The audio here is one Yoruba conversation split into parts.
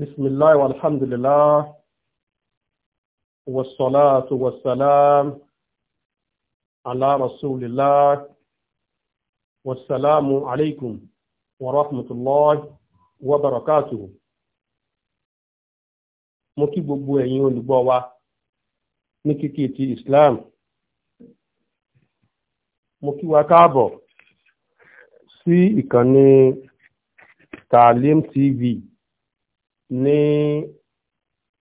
بسم الله والحمد لله والصلاة والسلام على رسول الله والسلام عليكم ورحمة الله وبركاته mo بوبو gbogbo ẹ̀yin olùgbọ́ wa ní kíkí ti Islam mo kí wa káàbọ̀ ní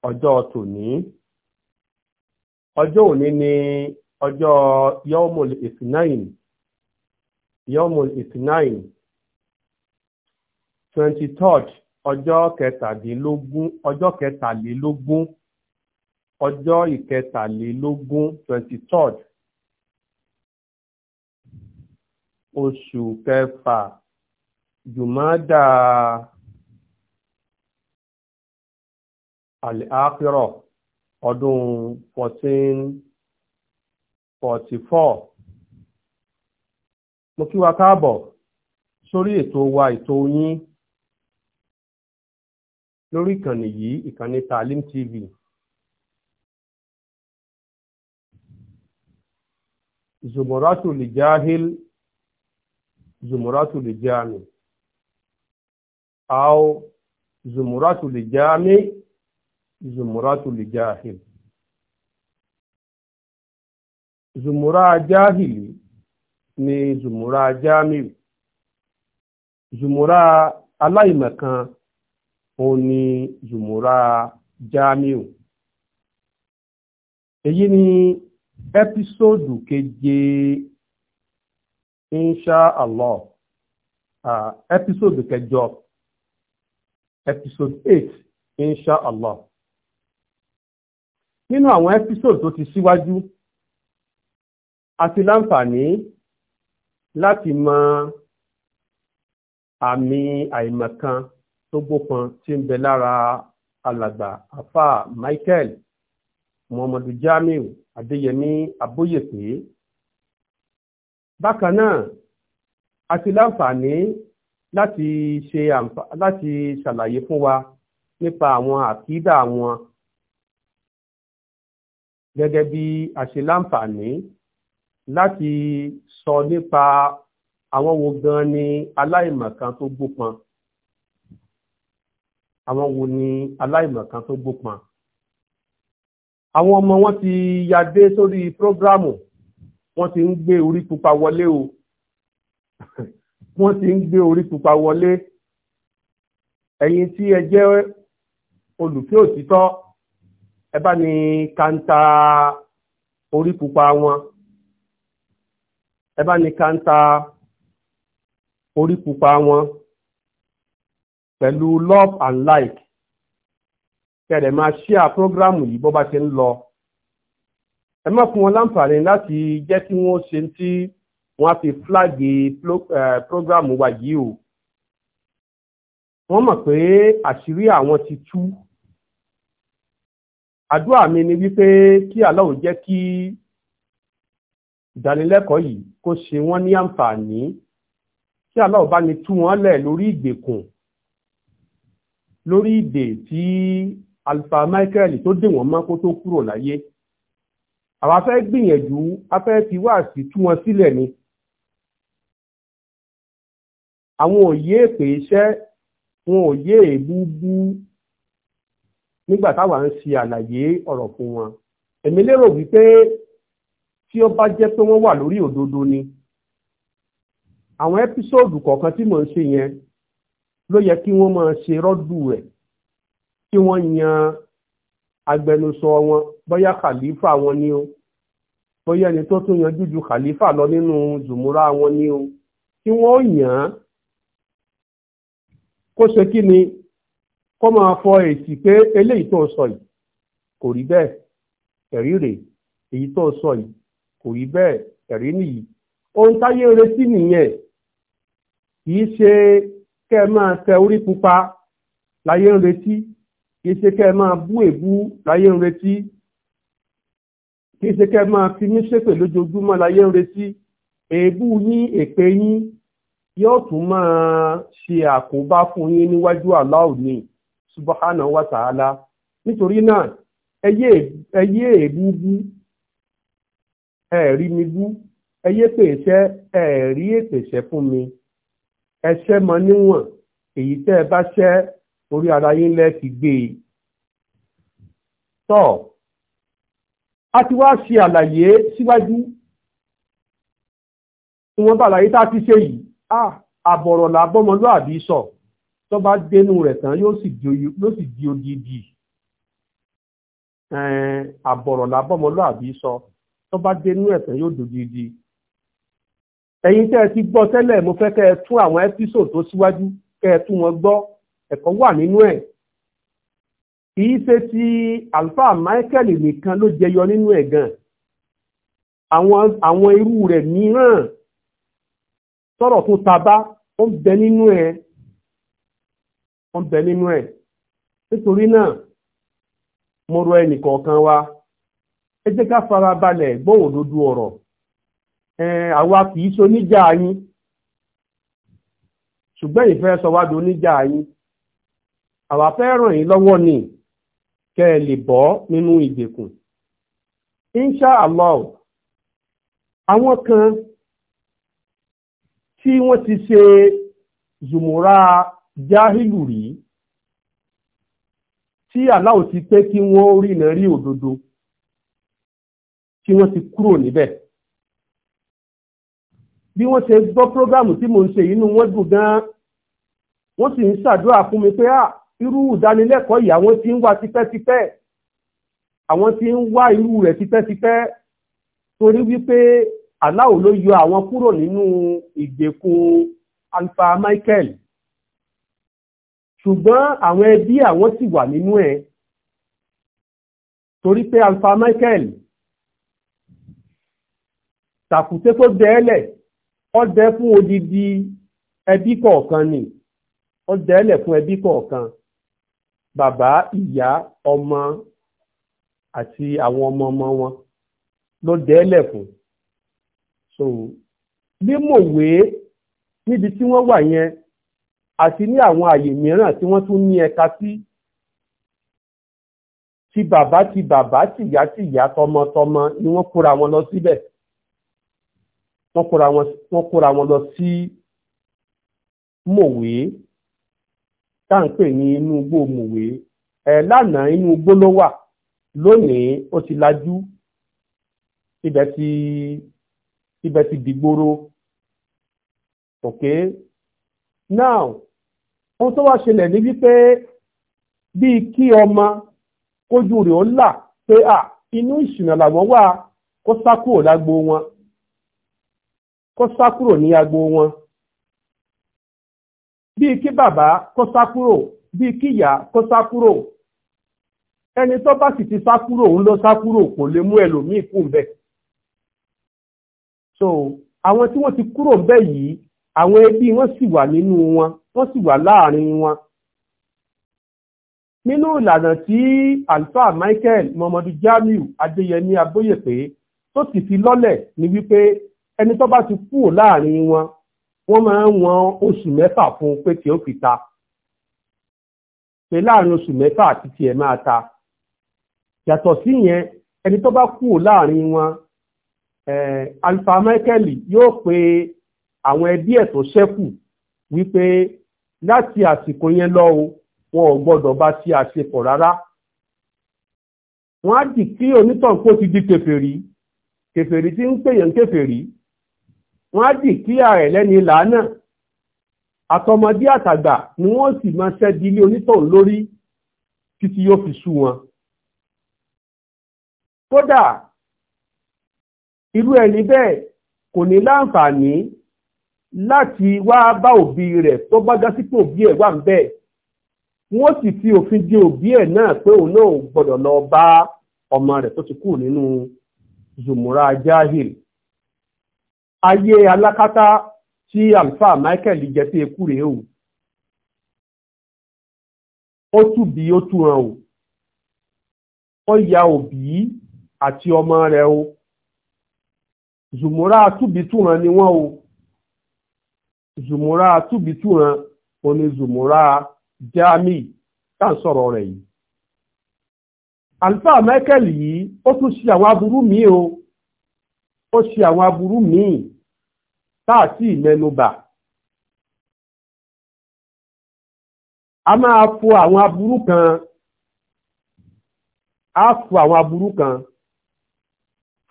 ọjọ́ tòní ọjọ́ òní ni ọjọ́ yọ́mùl ìsìnáìn yọ́mùl ìsìnáìn twenty third ọjọ́ kẹtàdínlógún ọjọ́ kẹtàlélógún ọjọ́ ìkẹtàlélógún twenty third oṣù kẹfà jùmọ́dà. al-akhira ọdún 1444 mo kí wa káàbọ̀ sórí ètò wa ètò yín lórí ìkànnì yìí ìkànnì Taalim TV zumuratu lijahil zumuratu lijami au zumuratu lijami zumuratu li jahil zumura jahili ni zumura jamiu zumura aláìmọ̀kan òun ni zumura jamiu èyí ni ẹ́písòdù keje insha allah uh, ẹ́písòdù kẹjọ ẹ́písòdù 8 insha allah nínú àwọn episode tó ti síwájú a ti láǹfààní láti mọ àmì àìmọ̀kan tó gbópọn tí ń bẹ lára alàgbà afa Michael Muhammadu Jamiu Adéyẹmí Abóyèpé bákan náà a ti láǹfààní láti ṣe àǹfà láti ṣàlàyé fún wa nípa àwọn àkídà wọn gẹ́gẹ́ bí àṣeláǹfààní láti sọ nípa àwọn wo gan ni aláìmọ̀kan tó gbópọn àwọn wo ni aláìmọ̀kan tó gbópọn àwọn ọmọ wọn ti yadé sórí prógrámù wọ́n ti ń gbé orí pupa wọlé o wọ́n ti ń gbé orí pupa wọlé ẹ̀yin tí ẹ jẹ́ olùfẹ́ òtítọ́ ẹ ni kanta orí pupa wọn ẹ ni kanta orí pupa wọn pẹ̀lú love and like kẹ̀rẹ̀ máa ṣíà prógrámù yìí bó bá ti ń lọ ẹ má fún wọn láǹfààní láti jẹ́ kí wọ́n ṣe tí wọ́n á fi flagi prógrámù wa yìí o wọ́n mọ̀ pé àṣírí àwọn ti tú àdúrà mi ni wípé kí Allahu jẹ́ kí ìdánilẹ́kọ̀ọ́ yìí kó ṣe wọ́n ní àǹfààní kí Allahu bá ní tú wọ́n lẹ̀ lórí ìgbèkùn lórí ìdè tí Alfa Michael tó dè wọ́n mọ́ kó tó kúrò láyé àwa fẹ́ gbìyànjú a fẹ́ fi wáàsí tú wọn sílẹ̀ ni àwọn òye èpè iṣẹ́ wọn òye èbúbú nígbà táwa ń ṣe àlàyé ọ̀rọ̀ fún wọn èmi lérò wípé tí ó bá jẹ́ pé wọ́n wà lórí òdodo ni àwọn ẹ́písòòdù kọ̀ọ̀kan tí mò ń ṣe yẹn ló yẹ kí wọ́n máa ṣe rọ́dù ẹ̀ kí wọ́n yan agbẹnusọ wọn bóyá khalifa wọn ni o bóyá ẹni tó tún yanjú ju khalifa lọ nínú zùmúrà wọn ni o kí wọ́n yàn án kó ṣe kí ni kó máa fọ èsì pé eléyìí tó sọ yìí kò rí bẹ́ẹ̀ ẹ̀rí rèé èyí tó sọ yìí kò rí bẹ́ẹ̀ ẹ̀rí nìyí ohun táyé retí nìyẹn kì í ṣe kẹ́ ẹ máa tẹ orí pupa láyé ń retí kì í ṣe kẹ́ ẹ máa bú èbú láyé ń retí kì í ṣe kẹ́ ẹ máa fi mí ṣépè lójoojúmọ́ láyé ń retí èébú yín èpè yín yóò tún máa ṣe àkóbá fún yín níwájú aláòní subhanahu wa ta'ala nítorí náà ẹyẹ èbúbú ẹ̀rí mi bú ẹyẹ pèsè ẹ̀rí èpèsè fún mi ẹṣẹ́ mọ níwọ̀n èyí tẹ́ ẹ bá ṣẹ́ orí ara yín lẹ́ẹ̀kì gbé e tọ́ a ti wá ṣe àlàyé síwájú ìwọ̀nba àlàyé tá a ti ṣe yìí ah, àbọ̀rọ̀ làbọ́mọlúàbí sọ. So tó bá dénú rẹ̀ tán yóò sì di odidi àbọ̀rọ̀ làbọ́mọlúàbí sọ tó bá dénú ẹ̀ tán yóò di odidi ẹ̀yin tẹ́ ẹ ti gbọ́ tẹ́lẹ̀ mo fẹ́ kẹ́ ẹ tún àwọn ẹ́písòdù tó síwájú kẹ́ ẹ tún wọn gbọ́ ẹ̀kọ́ wà nínú ẹ̀ kìí ṣe ti àlùfáà Michael nìkan ló jẹyọ nínú ẹ̀ gan àwọn àwọn irú rẹ̀ mìíràn sọ̀rọ̀ tó tabá ó ń bẹ nínú ẹ̀ wọ́n bẹ nínú ẹ̀ nítorí náà mo rọ ẹnìkọ̀ọ̀kan wa ẹ jẹ́ ká fara balẹ̀ gbóhùn lójú ọ̀rọ̀ àwa kì í ṣoníjà yín ṣùgbọ́n ìfẹ́ sọ wá di oníjà yín àwa fẹ́ ràn yín lọ́wọ́ ni kẹ́ ẹ lè bọ́ nínú ìgbèkùn insha allah àwọn kan tí wọ́n ti ṣe zùmúra jáhìlù rí tí aláwọ̀ ti pé kí wọ́n rìnà rí òdodo tí wọ́n ti kúrò níbẹ̀ bí wọ́n ṣe gbọ́ prógámù tí mo ń ṣe inú wọn dùn gan-an wọ́n sì ń ṣàdúrà fún mi pé à ah, irú ìdánilẹ́kọ̀ọ́ yìí àwọn tí ń wá tipẹ́tipẹ́ àwọn tí ń wá irú rẹ̀ tipẹ́tipẹ́ torí wípé aláwọ̀ ló yọ àwọn kúrò nínú ìgbèkùn Alfa Michael ṣùgbọ́n àwọn ẹbí àwọn sì wà nínú ẹ̀ torí pé alfa michael tàkùté tó dẹ́ẹ̀lẹ̀ ó dẹ́ fún odidi ẹbí kọ̀ọ̀kan ni ó dẹ́ẹ̀lẹ̀ fún ẹbí kọ̀ọ̀kan bàbá ìyá ọmọ àti àwọn ọmọ ọmọ wọn ló dẹ́ẹ̀lẹ̀ fún so límòwé níbi tí wọ́n wà yẹn àti ní àwọn àyè mìíràn tí wọ́n tún ní ẹ̀ka sí ti bàbá ti bàbá tìyá tìyá tọmọtọmọ ni wọ́n kóra wọn lọ síbẹ̀ wọ́n kóra wọn lọ sí mòwe tá à pè ní inú igbó mòwe ẹ lánàá inú igbó ló wà lónìí ó ti lajú ibẹ̀ ti ibẹ̀ ti dìgboro okay now ohun tó wá ṣẹlẹ̀ ní wípé bíi kí ọmọ kójú rẹ̀ ó là pé à inú ìṣìnà làwọn wà kó sá kúrò lágbo wọn kó sá kúrò ní agbo wọn bíi kí bàbá kó sá kúrò bíi kí ìyá kó sá kúrò ẹni tó bá sì ti sá kúrò òun ló sá kúrò kò lè mú ẹlòmíì kù ńbẹ̀ so àwọn tí wọ́n ti kúrò ńbẹ̀ yìí àwọn ẹbí wọn sì wà nínú wọn tó sì wà láàrin wọn nínú ìlànà tí alfa michael muhammadu jamiu adéyẹmí abóyèpé tó sì fi lọ́lẹ̀ ni wípé ẹni tó bá ti kúrò láàrin wọn wọ́n máa ń wọn oṣù mẹ́fà fún pé kí ó fi ta pé láàrin oṣù mẹ́fà àti tiẹ̀ máa ta yàtọ̀ sí yẹn ẹni tó bá kúrò láàrin wọn alfa michael yóò pe àwọn ẹbí ẹ̀ tó ṣẹ́kù wípé láti àsìkò yẹn lọ o wọn ò gbọ́dọ̀ bá sí àṣepọ̀ rárá wọ́n á dì kí onítàn kó ti di kèfèrí kèfèrí tí ń pèyàn kèfèrí wọ́n á dì kí ààrẹ lẹ́ni làánà àtọmọdé àtàgbà ni wọ́n sì máa ṣẹ́di ilé onítàn lórí títí yóò fi sú wọn kódà irú ẹni bẹ́ẹ̀ kò ní láǹfààní láti wá bá òbí rẹ̀ tó bá já sí pé òbí ẹ̀ wà ń bẹ̀ wọ́n sì fi òfin di òbí ẹ̀ náà pé òun náà gbọ́dọ̀ lọ bá ọmọ rẹ̀ tó ti kú nínú zumura jahil ayé alákátá tí alfa michael jẹ sí ekú rèé o ó tù bí ó tù hàn o ó ya òbí àti ọmọ rẹ̀ o zumura tùbí tù hàn ni wọ́n o zùmúrà túbitúran òun ni zùmúrà jami tá à ń sọ̀rọ̀ rẹ̀ yìí. àlùfáà michael yìí ó tún ṣe àwọn aburú míì o ó ṣe àwọn aburú míì tá à sì mẹ́nubà. a máa fo àwọn aburú kan a fo àwọn aburú kan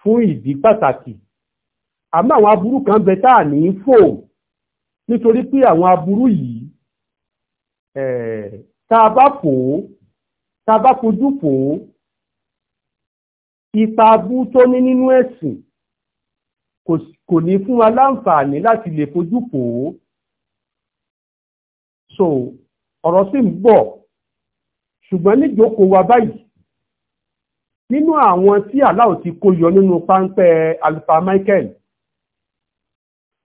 fún ìdí pàtàkì àmọ́ àwọn aburú kan bẹ tá à ní fò nítorí pé àwọn aburú yìí tá a bá fò ó tá a bá fojú fò ó ipa abú tó ní nínú ẹ̀sìn kò ní fún wa láǹfààní láti lè fojú fò ó so ọ̀rọ̀ sì ń bọ̀ ṣùgbọ́n níjókòó wa báyìí nínú àwọn tí aláwọ̀ ti kó yọ nínú páńpẹ́ Alfa Michael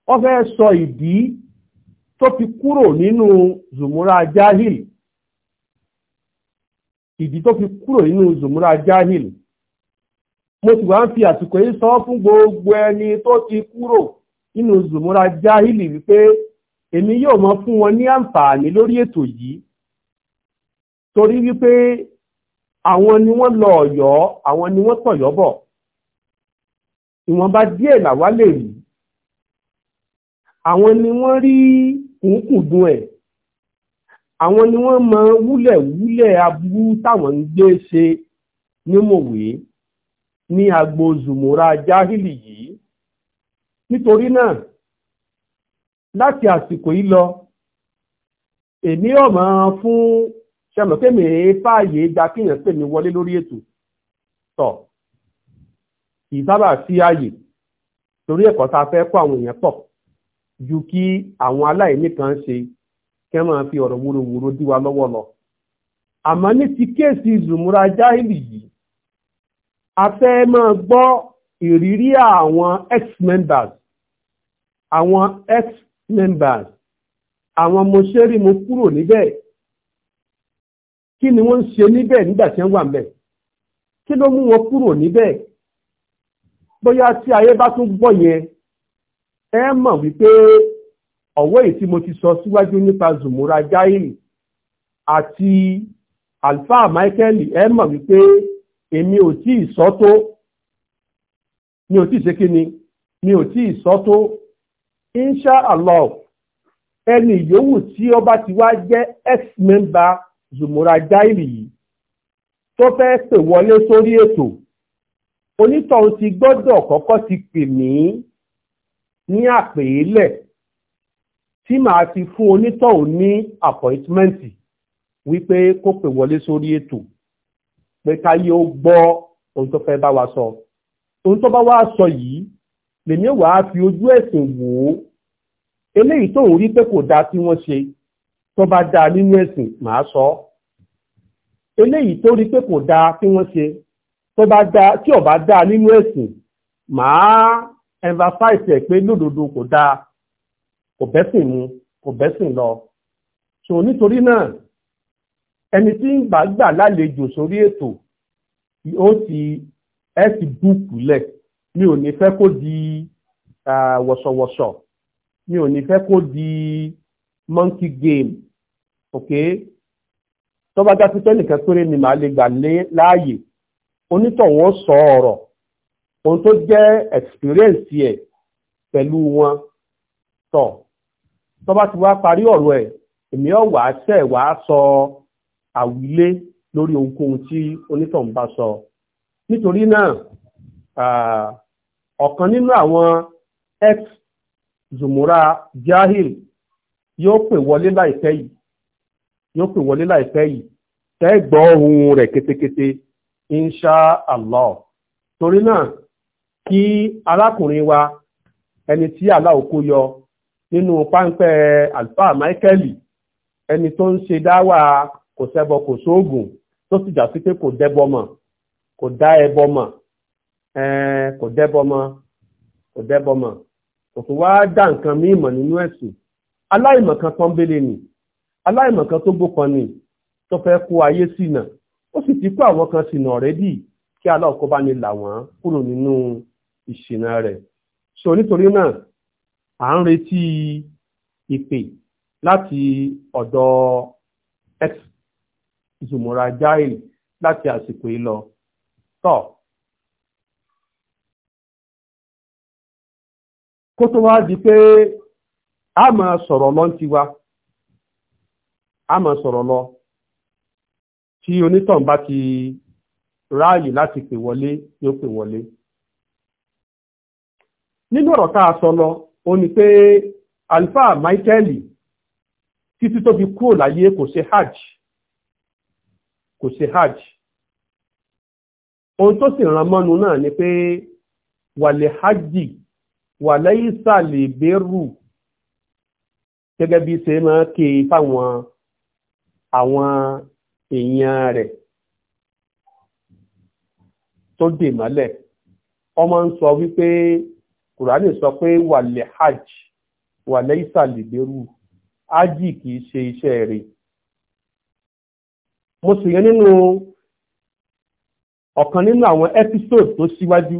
wọ́n fẹ́ sọ ìdí tó fi kúrò nínú zùmúra jahil ìdí tó fi kúrò nínú zùmúra jahil mo sì wá ń fi àsìkò yìí sọ fún gbogbo ẹni tó ti kúrò nínú zùmúra jahili wípé èmi yóò mọ fún wọn ní àǹfààní lórí ètò yìí torí wípé àwọn ni wọn lọ àwọn ni wọn rí kùnkùndùn ẹ̀ àwọn ni wọ́n mọ wúlẹ̀wúlẹ̀ aburú táwọn ń gbé ṣe nímòwé ní agbo zùmúra jáhìlì yìí nítorí náà láti àsìkò yìí lọ èmi ọ̀mọ̀ fún ṣẹmọ̀kémi fààyè gba kíyàn pè mí wọlé lórí ètò tọ̀ kì í sábà sí ààyè torí ẹ̀kọ́ tá a fẹ́ kó àwọn èèyàn pọ̀ ju kí àwọn aláìní kan ṣe kí wọ́n máa fi ọ̀rọ̀ wúrowúro dí wa lọ́wọ́ lọ. àmọ́ ní ti kéèsì zùmúra jáìlì yìí a fẹ́ máa gbọ́ ìrírí àwọn ex-members àwọn ex-members àwọn mọṣẹ́rì mo kúrò níbẹ̀ kí ni wọ́n ń ṣe níbẹ̀ nígbà tí wọ́n wà níbẹ̀ kí ló mú wọn kúrò níbẹ̀ bóyá tí ayé bá tún gbọ́ yẹn ẹ mọ̀ wípé ọ̀wọ́ èyí tí mo ti sọ síwájú nípa zumura jairi àti alfa michael ẹ mọ̀ wípé èmi ò tí ì sọ tó mi ò tí ì ṣe kí ni mi ò tí ì sọ tó insha allah ẹni ìyówù tí ó bá ti wá jẹ́ ex-member zumura jairi yìí tó fẹ́ pè wọlé sórí ètò onítọ̀hún ti gbọ́dọ̀ kọ́kọ́ ti pè mí ní àpèélẹ̀ tí màá ti fún onítọ̀hún ní àpọ̀ìtímẹ́ǹtì wípé kó pè wọlé sórí ètò pé káyé ó gbọ́ ohun tó fẹ́ bá wa sọ ohun tó bá wa sọ yìí lèmi wàá fi ojú ẹ̀sìn wò ó eléyìí tó ń rí pé kò dáa tí wọ́n ṣe tó bá dáa nínú ẹ̀sìn màá sọ ọ́ eléyìí tó rí pé kò dáa tí wọ́n ṣe tó bá dáa tí ò bá dáa nínú ẹ̀sìn màá emphasize ẹ̀ pé lódodo kò dáa kò bẹ́sìn mu kò bẹ́sìn lọ so nítorí náà ẹni tí ń bá gbà lálejò sórí ètò ó ti ẹ ti búùkù lẹ̀ mi ò ní fẹ́ kó di wọ̀sọ̀wọ̀sọ̀ mi ò ní fẹ́ kó di monkey game ok tó bá dá sí nìkan péré ni màá lè gbà láàyè onítọ̀hún sọ ọ̀rọ̀ ohun tó jẹ́ experience ẹ̀ pẹ̀lú wọn tọ̀ tó bá ti wá parí ọ̀rọ̀ ẹ̀ èmi ọ̀ wá ṣẹ̀ wá sọ àwílé lórí ohunkóhun tí onítọ̀hún bá sọ nítorí náà ọ̀kan nínú àwọn ex zumura jahil yóò pè wọlé láìpẹ́ yìí yóò pè wọlé láìpẹ́ yìí tẹ́ gbọ́ ohun rẹ̀ ketekete insha allah torí náà kí arákùnrin wa ẹni tí aláòkó yọ nínú páńpẹ́ alfa Michael ẹni tó ń ṣe dáwà kò ṣẹbọ kò sóògùn tó sì jà sí pé kò dẹbọ mọ́ kò dá ẹbọ mọ́ kò dẹbọ mọ́ kò dẹbọ mọ́ kò tún wá dá nǹkan mí ìmọ̀ nínú ẹ̀sìn aláìmọ̀kan tán bẹ́lẹ̀ aláìmọ̀kan tó gbókan ni tó fẹ́ kó ayé sínà ó sì ti kó àwọn kan sínà ọ̀rẹ́dì kí aláòkó bá ní là wọ́n kúrò nínú ìṣìnà rẹ̀ so nítorí náà à ń retí ìpè láti ọ̀dọ̀ ex Zumura Jail láti àsìkò yìí lọ tọ́ kó tó wá di pé a máa sọ̀rọ̀ lọ ti wa a máa sọ̀rọ̀ lọ tí onítàn bá ti ráàyè láti pè wọlé yóò pè wọlé nínú ọ̀rọ̀ tá a sọ lọ ó ní pé àlùfáà máíkẹ́lì títí tó fi kúrò láyé kò ṣe hajj kò ṣe hajj ohun tó sì ràn mọ́nu náà ni pé wàlẹ̀ hajj wàlẹ̀ ìsàlẹ̀ bẹ́rù gẹ́gẹ́ bí ṣe máa ké fáwọn àwọn èèyàn rẹ̀ tó dè mọ́lẹ̀ ọmọ ń sọ wípé kùránì sọ pé wàlẹ̀ hajj wàlẹ̀ ìsàlìbẹ̀rù hajj kìí ṣe iṣẹ́ rẹ̀ mo sì yẹn nínú ọ̀kan nínú àwọn episode tó síwájú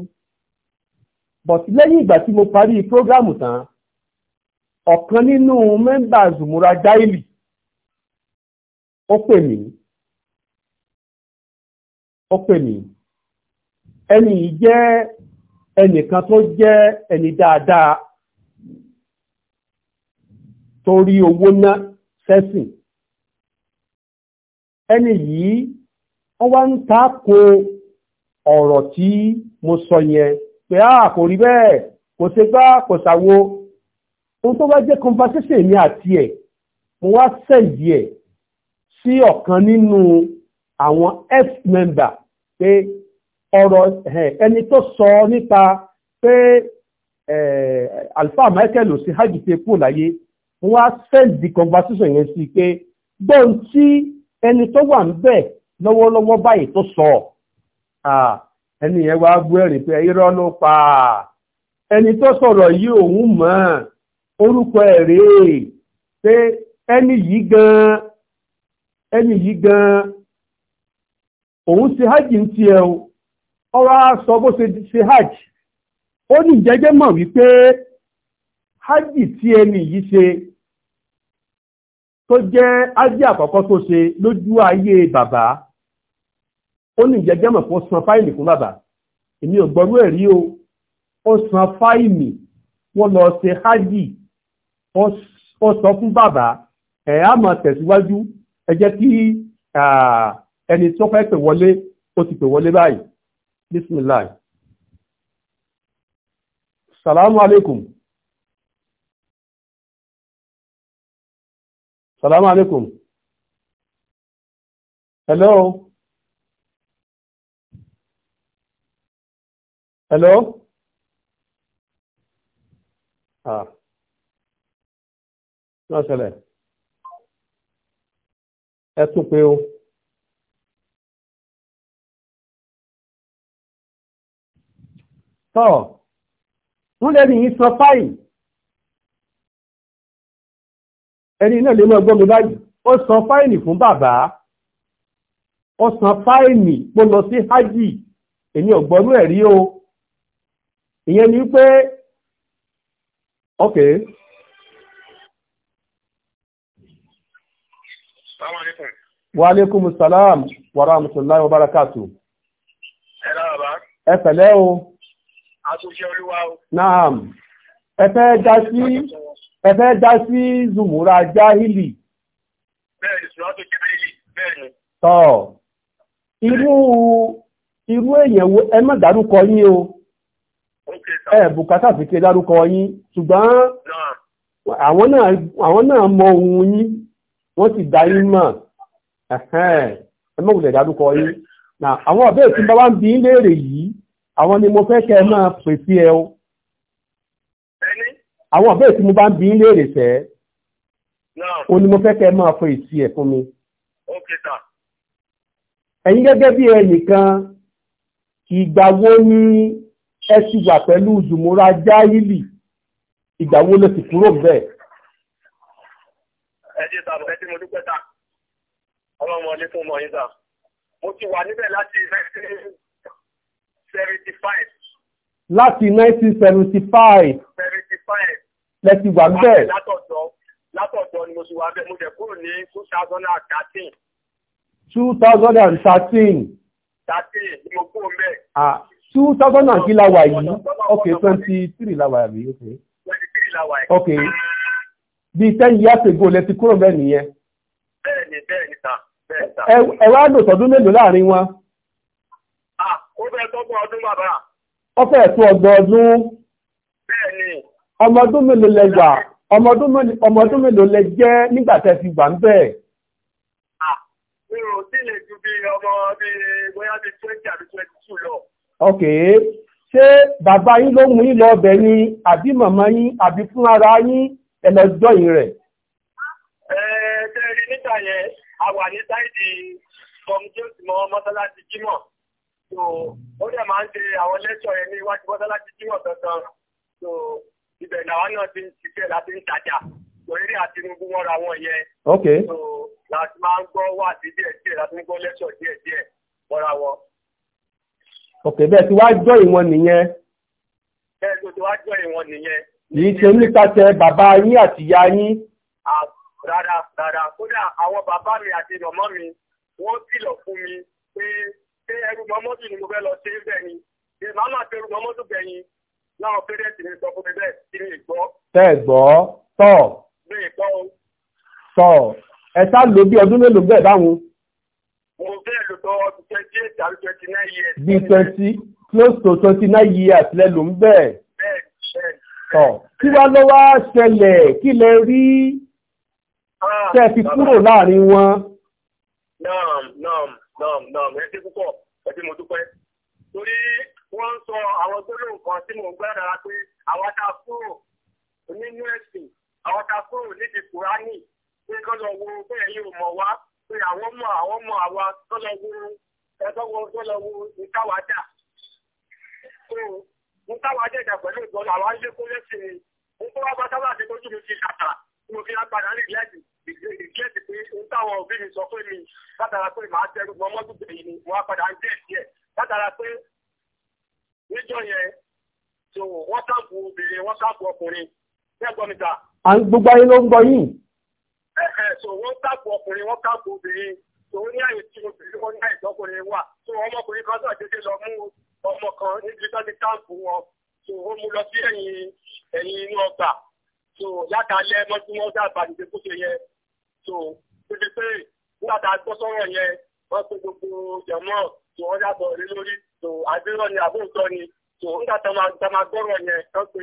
but lẹ́yìn ìgbà tí mo parí program tán ọ̀kan nínú mẹ́mbà zùmúra dáìlì ó pè mí ó pè mí ẹni yìí jẹ́ ẹnìkan tó jẹ́ ẹni dáadáa torí owó ná sẹ́sìn ẹni yìí wọ́n wá ń tako ọ̀rọ̀ tí mo sọ yẹn pé a kò rí bẹ́ẹ̀ kò ṣe gbá kò ṣàwo ohun tó bá jẹ́ conversation mi àti ẹ̀ mo wá sẹ́ǹdì ẹ̀ sí ọ̀kan nínú àwọn ex member pé ọ̀rọ̀ eh, ẹni tó sọ nípa pé alfa eh, michael ò sí hajj pé kúrò láyé wọ́n á sẹ́ǹdì conversation yẹn sí pé gbọ́n tí ẹni tó wà ń bẹ̀ lọ́wọ́lọ́wọ́ báyìí tó sọ ẹni yẹn wá gbọ́ ẹ̀rìn pé irọ́ ló pa ẹni tó sọ̀rọ̀ yìí òun mọ̀ orúkọ ẹ̀ rèé pé ẹni yìí gan ẹni yìí gan òun ṣe hajj ń tiẹ̀ o ọ̀rọ̀ sọ bó ṣe ṣe hajj ó ní jẹ́jẹ́ mọ̀ wípé hajj tí ẹni yìí ṣe tó jẹ́ hajj àkọ́kọ́ tó ṣe lójú ayé bàbá ó ní jẹ́jẹ́ mọ̀ kó san fáìlì fún bàbá èmi ò gbọ́rú ẹ̀ rí o ó san fáìlì wọ́n lọ ṣe hajj ó sọ fún bàbá ẹ̀ á máa tẹ̀síwájú ẹ jẹ́ kí ẹni tó fẹ́ pè wọlé ó ti pè wọlé báyìí بسم الله السلام عليكم السلام عليكم hello hello ah náà ṣẹlẹ̀ ẹ tún pé o. tọ́ wọ́n lẹ́nu yìí sọ fáyì ẹni náà lè mọ́ gbọ́ mi báyìí ó san fáìnì fún bàbá ó san fáìnì pó lọ sí hajj èmi ò ẹ̀ rí o ìyẹn ni pé ok. wa aleykum salaam wa rahmatulahi wa o àtúnṣe olúwa o. naam ẹ fẹ́ dá sí ẹ fẹ́ sí zumura jahili. bẹ́ẹ̀ni zumura jahili bẹ́ẹ̀ni. tọ irú irú èèyàn wo ẹ má dárúkọ yín o ẹ bùkátà fi ké dárúkọ yín ṣùgbọ́n àwọn náà àwọn náà mọ ohun yín wọ́n sì dá yín mọ̀ ẹ mọ̀ wùlẹ̀ dárúkọ yín àwọn ọ̀bẹ́ ìtúbọ̀ wá ń bi í léèrè yìí àwọn ni mo fẹ́ kẹ́ ẹ máa pè sí ẹ o àwọn ọ̀bẹ́ tí mo bá ń bi léèrè sẹ́ o ni mo fẹ́ kẹ́ máa fọ èsì ẹ̀ fún mi. ẹ̀yin gẹ́gẹ́ bí ẹnìkan ìgbà wo ni pẹ̀lú zùmúra jáìlì ìgbà wo lẹ kúrò bẹ́ẹ̀. mo ti wà níbẹ̀ láti nineteen 75. Láti 1975. 75. Lẹ́ti wà bẹ́ẹ̀. Látọ̀dọ̀ látọ̀dọ̀ ni mo sì wà bẹ́ẹ̀ mo jẹ̀ kúrò ní 2013. 2013. 13 ni mo kúrò mẹ́. Ah, 2000 kí la wà yìí? Ok, 23 la wà yìí, ok. 23 la wà yìí. Ok. Bí 10 years ago lẹ́ti kúrò mẹ́ nìyẹn. Bẹ́ẹ̀ni, bẹ́ẹ̀ni ta. Ẹ wá lò sọdún mélòó láàrin wọn? ó fẹ́ tọ́gbọ́n ọdún bàbá. ó fẹ́ tó ọgbọ̀n ọdún. bẹ́ẹ̀ni. ọmọdún mélòó lẹ gbà ọmọdún mélòó lẹ jẹ́ nígbà tẹ́ fi gbà ń bẹ̀. mi ò sí lè ju bí ọmọ bí bóyá bí twenty àbí twenty two lọ. ok ṣé bàbá yín ló mú yín lọ ọbẹ̀ ni àbí màmá yín àbí fún ara yín ẹ lọ rẹ̀. ẹ ẹ nígbà yẹn a wà ní sáìdì fọmùjọ́sì mọ́ mọ́sálásí jímọ̀ so ó dẹ̀ máa ń ṣe àwọn lẹ́ṣọ̀ yẹn ní iwájú mọ́sálásí tí wọ́n tọ̀tàn so ibẹ̀ làwọn náà ti ń ṣiṣẹ́ láti ń tajà so eré àti inúgbó wọn ra wọn yẹn so láti máa ń gbọ́ wà sí díẹ̀ díẹ̀ láti ń gbọ́ lẹ́ṣọ̀ díẹ̀ díẹ̀ mọ́ra wọn. ok bẹ́ẹ̀ tí wàá jọ ìwọn nìyẹn. bẹ́ẹ̀ tó ti wàá jọ ìwọn nìyẹn. yìí ṣe nípasẹ̀ bàbá yín àtìyá yín. rárá rárá kódà àwọn bàbá mi àti màmá mi wọ́n kìlọ̀ fún mi pé ṣé ẹrú mọ mọ́tò ni mo fẹ́ lọ ṣe é bẹ́ẹ̀ ni ṣé màá máa ṣe ẹrú mọ mọ́tò bẹ́ẹ̀ ni láwọn pérẹ́tì mi sọ fún mi bẹ́ẹ̀ kí ni ìgbọ́. tẹ́ ẹ gbọ́ tọ̀. mi ìgbọ́ o. tọ̀ ẹ sá lo bí ọdún mélòó bẹ́ẹ̀ báwọn. mo fẹ́ lò tó ọdún twenty eight àti twenty nine years. bíi twenty close to twenty nine years lẹ ló ń bẹ́ẹ̀. bẹ́ẹ̀ bẹ́ẹ̀. tọ̀ kí wá ló wá ṣẹlẹ̀ kí lẹ rí tẹ́ ah, fi kúrò láàrin wọn. náà náà náà náà ẹ ṣe púpọ̀ ẹ ti mo dúpẹ́. torí wọ́n ń sọ àwọn gbólóhùn kan tí mò ń gbẹ́ dára pé àwọn ta kúrò nínú ẹ̀sìn àwọn ta kúrò níbi kùránì pé kọ́ lọ wo bẹ́ẹ̀ yóò mọ̀ wá pé àwọn mọ̀ àwọn mọ̀ àwa kọ́ lọ wo ẹ̀kọ́ wo kọ́ lọ wo ìtawàdà. so ìtawàdà ìjà pẹ̀lú ìtọ́lá àwọn ilé kó lẹ́sìn ni mo kó wá bá sábà ti tójú mi ti kàtà mo fi agbára rí ìlẹ́sìn ìjẹ́sì pé ohun táwọn òbí mi sọ pé mi látara pé màá tẹrù mọ́ mọ́tòkè yìí ni wọ́n á padà ń jẹ́ ìdíẹ̀ látara pé níjọ́ yẹn tó wọ́n sáàpù obìnrin wọ́n sáàpù ọkùnrin lẹ́gbọ́n mi ta. à ń gbogbo ayé ló ń gbọ́ yìí. ẹ ẹ so wọ́n sáàpù ọkùnrin wọ́n sáàpù obìnrin tó ní àyè tí obìnrin wọn ní àyè tọkùnrin wà tó ọmọkùnrin kan sàdédé lọ mú ọmọ kan níbi tó ti wọn tó ó mú lọ sí ẹ̀yìn ẹ̀yìn inú ọgbà tó yàtà lẹ́ mọ́tí wọ́n dàgbà nígbè so títí pé nígbà tá a yẹn wọ́n pe gbogbo jẹ̀mọ́ tó wọ́n yàbọ̀ rí lórí tó àdéhùn ni àbóòtọ́ ni tó nígbà a máa gbọ́rọ̀ yẹn tán pé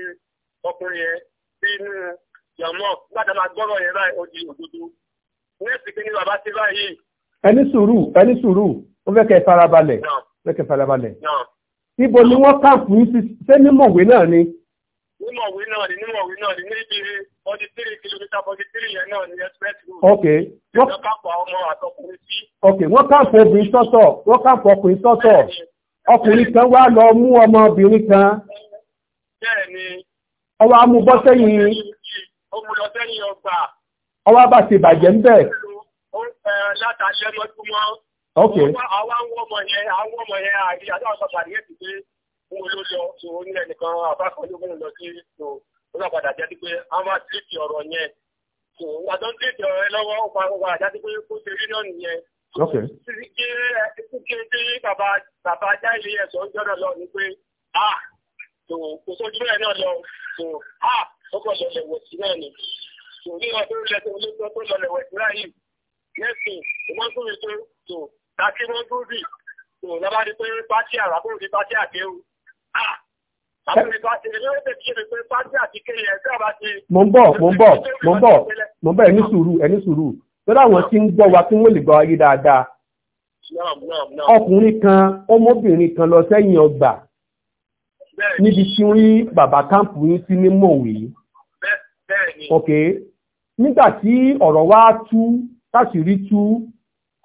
ọkùnrin yẹn sí inú jẹ̀mọ́ nígbà a máa gbọ́rọ̀ yẹn báyìí ó di òdodo nẹ́ẹ̀sì kí ni bàbá ti báyìí. ẹni sùúrù ẹni sùúrù ó fẹ́ kẹ́ farabalẹ̀ fẹ́ kẹ́ farabalẹ̀. ibo ni wọ́n kà fún sí sẹ́ni mọ̀wé náà ni. nímọ̀wé náà ni nímọ̀wé náà ni níbi forty three ok wọ́n kàpọ̀ ọmọ ok wọ́n kàpọ̀ obìnrin sọ́tọ̀ wọ́n kàpọ̀ ọkùnrin sọ́tọ̀ ọkùnrin kan wá lọ mú ọmọbìnrin kan. bẹ́ẹ̀ ni. ọwọ́ amú bọ́ sẹ́yìn. ó mú lọ sẹ́yìn ọgbà. ọwọ́ bá ti bàjẹ́ ń bẹ̀. látàlẹ́ mọ́túmọ́. ok ó náà padà jẹ́ pé a máa tìrìtì ọ̀rọ̀ yẹn tó wà tó ń tìrìtì ọ̀rọ̀ yẹn lọ́wọ́ ó padà jẹ́ pé kó ṣe rí náà nìyẹn. kí kí bàbá bàbá ajá ilé ẹ̀ sọ ń jọ́dọ̀ lọ ni pé a tó kò sójú rẹ̀ náà lọ tó a ó kọ̀ lọ́lẹ̀ wẹ̀sì náà ni tó ní ọdún lẹ́sẹ̀ olóṣù tó lọ́lẹ̀ wẹ̀sì ráyì nẹ́sìn ìmọ̀tòmí tó tó tàkì mọ́tòmí tó lọ́ba di pé pátí àràbò di pátí àkéwù a. Mo ń bọ̀, mo ń bọ̀, mo ń bọ̀, mo ń bọ̀ ẹni sùúrù, ẹni sùúrù. Lọ́dọ̀ àwọn tí ń gbọ́ wa tí wọ́n lè gbọ́ ayé dáadáa. Ọkùnrin kan, ọmọbìnrin kan lọ sẹ́yìn ọgbà níbi tí wọ́n rí bàbá káàmpù yín sí ní Mọ̀wé. Ok, nígbà tí ọ̀rọ̀ wá tú, táṣìírí tú,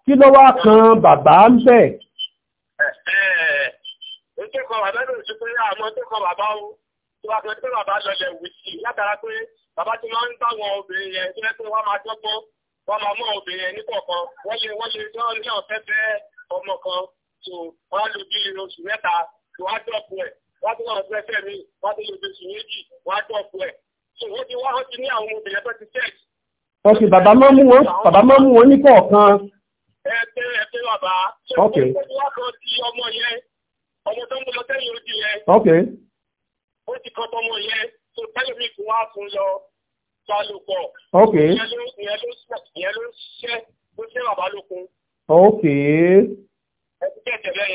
kí ló kan bàbá ń bẹ̀ mọ tó kọ bàbá o tó bá fẹ́ pé bàbá lọlẹ̀ wùsì látara pé bàbá tí wọ́n ń báwọn obìnrin yẹn tó fẹ́ pé wọ́n máa wọ́n máa mọ Okay. Ó ti kọ́ tọmọ yẹn tó tẹ́lẹ̀ mi kò wá fún lọ balùpọ̀. Okay. Ìyẹn ló ṣẹ́ ló ṣẹ́ bàbá lókun. Okay.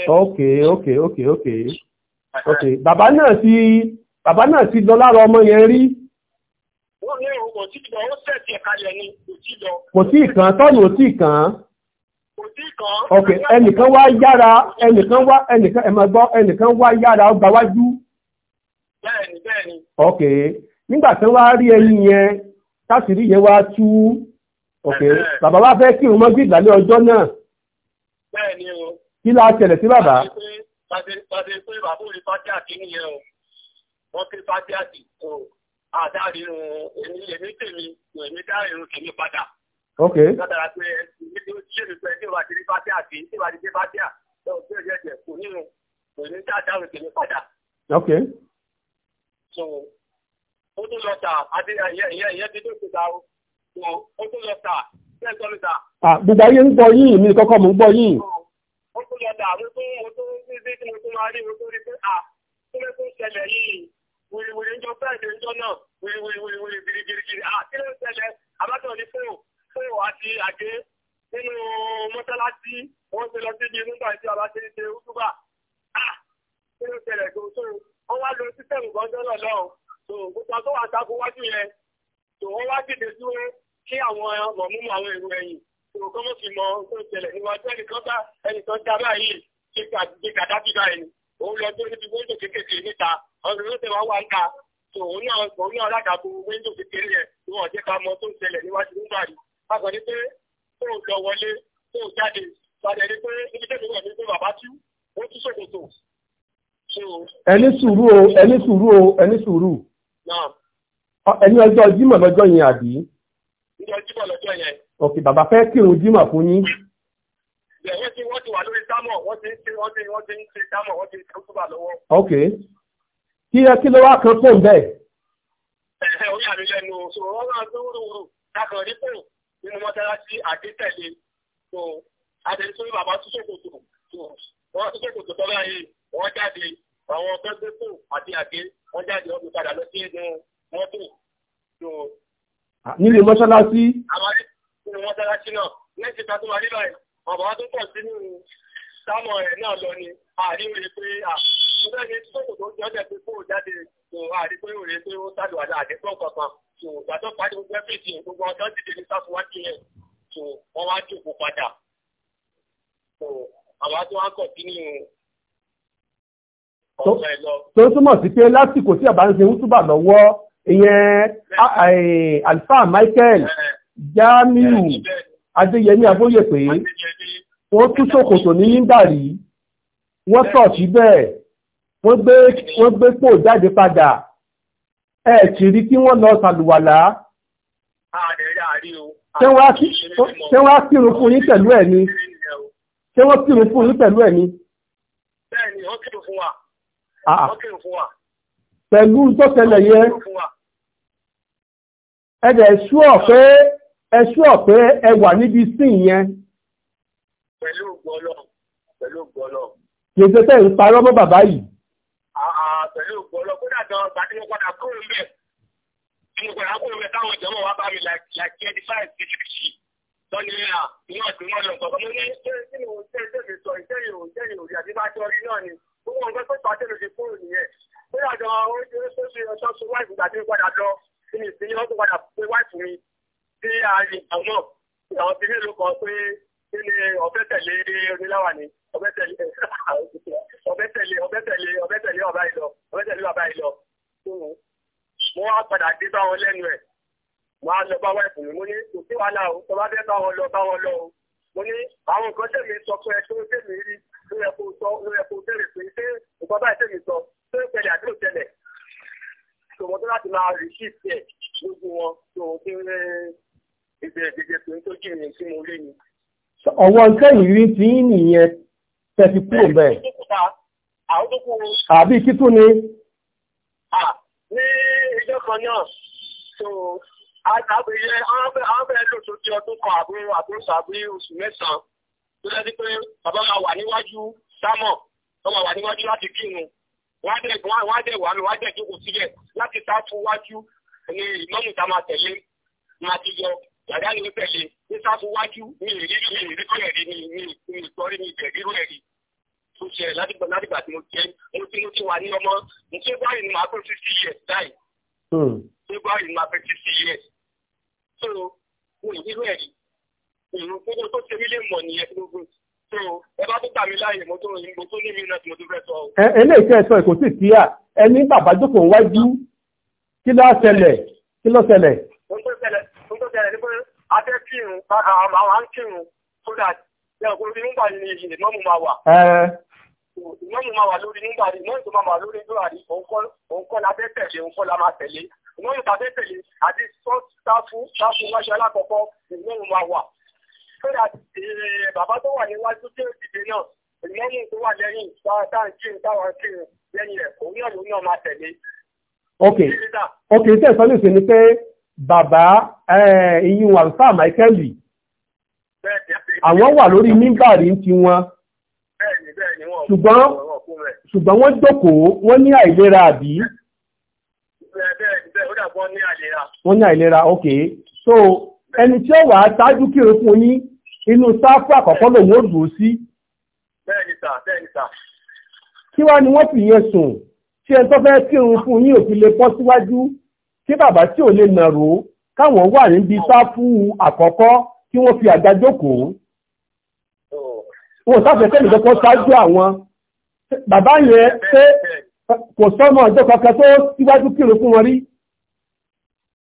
Okay, okay, okay, okay. Okay, bàbá náà ti bàbá náà ti lọ lára ọmọ yẹn rí. Wọ́n ní òun kò tí ì lọ, ó ni, kò tí lọ. Kò tí ì tọ́nù ò tí ì Ok, ẹnìkan wá yára ẹnìkan wá ẹnìkan ẹ̀mọ̀gbọ́ ẹnìkan wá yára ọgbà wájú. bẹ́ẹ̀ni bẹ́ẹ̀ni. ọ̀kẹ́ nígbà tí wọ́n rí ẹyin yẹn táṣìírí yẹn wá tú ọ̀kẹ́ bàbá wa fẹ́ kí òun mọ́gí ìgbàlẹ́ ọjọ́ náà. o. kí la tẹ̀lẹ̀ sí bàbá. o wọ́n fi fàájì àti kò àdáàrírun èmi èmi tèmi èmi dáàrírun tèmi padà ok. látara pé ṣé ìlú pé níwà ti rí bátíà kì í níwà ti rí bátíà lọ́wọ́ tí ó jẹ́ jẹ́ kò nínú kò ní dáadáa rẹ̀ tèmi padà. ok. so ó tún lọ tà àti ìyẹn ìyẹn ti dùn síta o so ó tún lọ tà bẹ́ẹ̀ tọ́ mi tà. gbogbo ayé ń gbọ́ yín mi kọ́kọ́ mò ń gbọ́ yín. ó tún lọ tà mo tún mo tún ní sí tí mo tún máa rí mo tún ni pé à kí ló tún ṣẹlẹ̀ yìí wìrìwìrì ń jọ fẹ́ẹ̀ fún ìwà àti àgé nínú mọ́sálásí wọ́n ti lọ síbi nígbà tí a ṣe útúbà kí ló ṣẹlẹ̀ tó tó wọ́n wá lo sísẹ̀mù gbọ́njọ́ náà lọ́hùn tó gbogbo tó wà sáko wájú yẹn tó wọ́n wá dìde dúró kí àwọn mọ̀múmú àwọn èrò ẹ̀yìn tó kọ́ mọ́ fi mọ tó ṣẹlẹ̀ ìwájú ẹnìkan bá ẹnìkan já báyìí ṣe kàdákì báyìí òun lọ tó níbi wíńdò kékeré níta ọ̀rọ̀ ló tẹ̀ wá wá ń tó òun náà òun náà a sọ ní pé tó o lọ wọlé tó o jáde padà ní pé ibi tẹ́lẹ̀ wọ̀ ní pé bàbá tú ó tú ṣòkòtò. ẹni sùúrù o ẹni sùúrù o ẹni sùúrù. ẹni ọjọ́ jímọ̀ lọ́jọ́ yẹn àbí. ọjọ́ jímọ̀ lọ́jọ́ yẹn. ok bàbá fẹ́ kírun jímọ̀ fún yín. ìyẹn tí wọ́n ti wà lórí sámọ̀ wọ́n ti ń ṣe wọ́n ti wọ́n ti ń ṣe sámọ̀ wọ́n ti ń ṣe kúbà lọ́wọ́. ok kí ẹ kí ló wá kan fóun bẹ́ẹ̀. ẹ ẹ orí àmì lẹ́nu òṣùwọ̀n wọn máa ń gbé wúrúwúrú nínú mọ́sálásí àdétẹ̀lé tó àtẹnusórí bàbá tó ṣòkòtò tó wọ́n tó ṣòkòtò tọ́lá yìí wọ́n jáde àwọn gbẹ́gbẹ́kù àti àgé wọ́n jáde wọ́n fi padà lọ sí inú mọ́tò tó. Ah, nílé mọ́sálásí. àwọn nínú mọ́sálásí náà ní ìsìnkà tó wà nílò ẹ̀ bàbá tó pọ̀ sínú sámọ̀ ẹ̀ náà lọ ni àdínwó ni pé àbúrò ní sọ́kò tó ń jẹ́ ọ̀dẹ̀ pé kó o jáde tó àdínwó rẹ̀ pé ó sáré wàdà àdínwó kankan tó gbàtọ́ parí gbogbo ẹ́fíìsì gbogbo ọjọ́ ti di ní sáfúwájú yẹn tó wọ́n wá jókòó padà tó àwọn tó wá kọ̀ sínú ọ̀sán ẹ̀ lọ. tó túmọ̀ sí pé lásìkò tí àbá ń ṣe wútúbà lọ́wọ́ ìyẹn alfa e, Michael Jamiu Adéyẹmí Abóyèpé wọ́n tún ṣòkòtò ní yíndàrí wọ́n sọ̀ síbẹ̀ wọ́n gbé wọ́n gbé pò jáde padà ẹ ti rí kí wọ́n lọ sàlùwàlá ṣé wọ́n á kírun fún yín pẹ̀lú ẹ̀ ni ṣé wọ́n kírun fún yín pẹ̀lú ẹ̀ ni. bẹ́ẹ̀ni wọ́n kírun fún ah. pẹ̀lú tó ṣẹlẹ̀ yẹn ẹ dẹ̀ ṣúọ̀ pé níbi sín yẹn. pẹ̀lú gbọ́lọ̀ yèsè tẹ́ ń parọ́ mọ́ bàbá yìí. àtẹ̀lé òkú ọlọ́kùnrin àti àwọn ọgbà tí mo padà kúrò ń bẹ̀ tí mo padà kúrò ń bẹ̀ táwọn ìjọba wa bá mi láti ẹni fáì sí fífi lọ́ni à ní ọ̀sìn wọn lọ nǹkan. mo ní ṣé kí ni òun ṣe ìṣèlè sọ ìṣèlè òun ṣèlè òun àti bá jọ rí náà ni gbogbo nǹkan tó pàṣẹ ló ti kúrò nìyẹn. ó yàtọ̀ oúnjẹ tó ṣe ọjọ́ tó wáìfù gbà tí mo padà lọ kí ni ìsinmi ọdún padà pé wáìfù mi sí àárín ìgbà náà ìyàwó ti mélòó kan pé kí ni ọ̀fẹ́ tẹ̀lé oníláwà ni ọbẹ̀ tẹ̀lé ọbẹ̀ tẹ̀lé ọbẹ̀ tẹ̀lé ọbẹ̀ tẹ̀lé ọba yìí lọ ọbẹ̀ tẹ̀lé ọba yìí lọ. mo wá padà dé bá wọn lẹ́nu ẹ̀ mo á lọ bá wáìfù mi mo ní kò sí wàhálà o tó bá fẹ́ bá wọn lọ bá wọn lọ o mo ní àwọn nǹkan tẹ̀mí sọ pé ẹ tó tẹ̀mí rí ló yẹ kó sọ ló yẹ kó rí ti ń nìyẹn tẹ̀fi kúrò bẹ́ẹ̀. àbí kítú ni. ní ìjọ kan náà so àgbẹ̀yẹ àwọn bẹ̀rẹ̀ lò tó di ọdún kan àbí àbúrúsọ àbí oṣù mẹ́sàn-án tó dájú pé bàbá máa wà níwájú sámọ̀ tó máa wà níwájú láti kírun wọ́n á dẹ̀ wọ́n á dẹ̀ wà lọ wọ́n á dẹ̀ jókòó sílẹ̀ láti sáfù wájú ni ìmọ̀mù tá máa tẹ̀lé máa ti yọ yàrá ni ó tẹ̀lé ní sáfù wájú mi ìrírí mi ìrírí kọ́lẹ̀ rí mi mi ìgbọ́rí mi ìbẹ̀rírú ẹ̀rí tó ṣẹlẹ̀ ládìgbà ládìgbà tí mo jẹ́ mo ti mo ti wà ní ọmọ nítorí báyìí ni màá pé fifty years dáì nítorí báyìí hmm. ni màá pé fifty years so mo ì nílò ẹ̀rí ìrù gbogbo tó ṣe mí lè mọ̀ nìyẹn gbogbo so ẹ bá tó gbà mí láàyè mo tó mo tó ní mi náà tí mo tó fẹ́ sọ. eléyìí tẹ́ ẹ sọ èkó sì sí à ẹni bàbá jókòó wájú kí ló ṣẹlẹ̀ kí ló ṣẹlẹ̀. ohun tó ṣẹlẹ̀ ohun tó ṣẹlẹ̀ ni pé afẹ́ kírun kírun ìmọ̀mù máa wà lórí nígbà rí ìmọ̀mù tó máa wà lórí nígbà rí òun kọ́ la fẹ́ tẹ̀lé òun kọ́ la máa tẹ̀lé ìmọ̀mù tá a fẹ́ tẹ̀lé àti sáfù sáfù wájú alákọ̀ọ́kọ́ ìmọ̀mù máa wà. sọ́dà eh, bàbá tó wà níwájú tí ó dìde náà ìmọ̀mù tó wà lẹ́yìn táǹkì táwọn kiri lẹ́yìn rẹ̀ òun náà lòun náà máa tẹ̀lé ṣùgbọ́n ṣùgbọ́n wọ́n jókòó wọ́n ní àìlera àbí wọ́n ní àìlera ok so ẹni tí ó wà á ṣáájú kírun fún yín inú sáfù àkọ́kọ́ lòun ó dùn sí kí wá ni wọ́n fi yẹn sùn tí ẹni tó fẹ́ kírun fún yín ò fi lè pọ́ síwájú kí bàbá tí ò lè nàró káwọn wà níbi sáfù àkọ́kọ́ kí wọ́n fi àga jókòó wọn sáfẹ́ tẹ́lẹ̀ kọ́kọ́ ṣáájú àwọn bàbá yẹn pé kò sọ́mọ ọjọ́ kankan tó síwájú kírun fún wọn rí.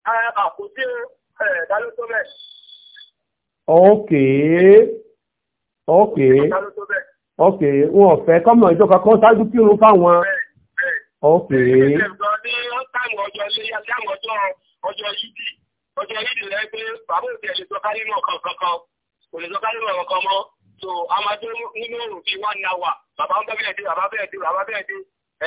Ah, ah, ah, eh, ok ok ok wọn ò fẹ́ ọjọ́ kankan ọjọ́ yídì ọjọ́ bàbá òkè lè sọ kárí mọ̀ kankan kò lè sọ kárí mọ̀ kankan mọ́ so a máa dé nínú òrùn bíi one hour bàbá ń bọ́ bẹ́ẹ̀ dé bàbá bẹ́ẹ̀ dé bàbá bẹ́ẹ̀ dé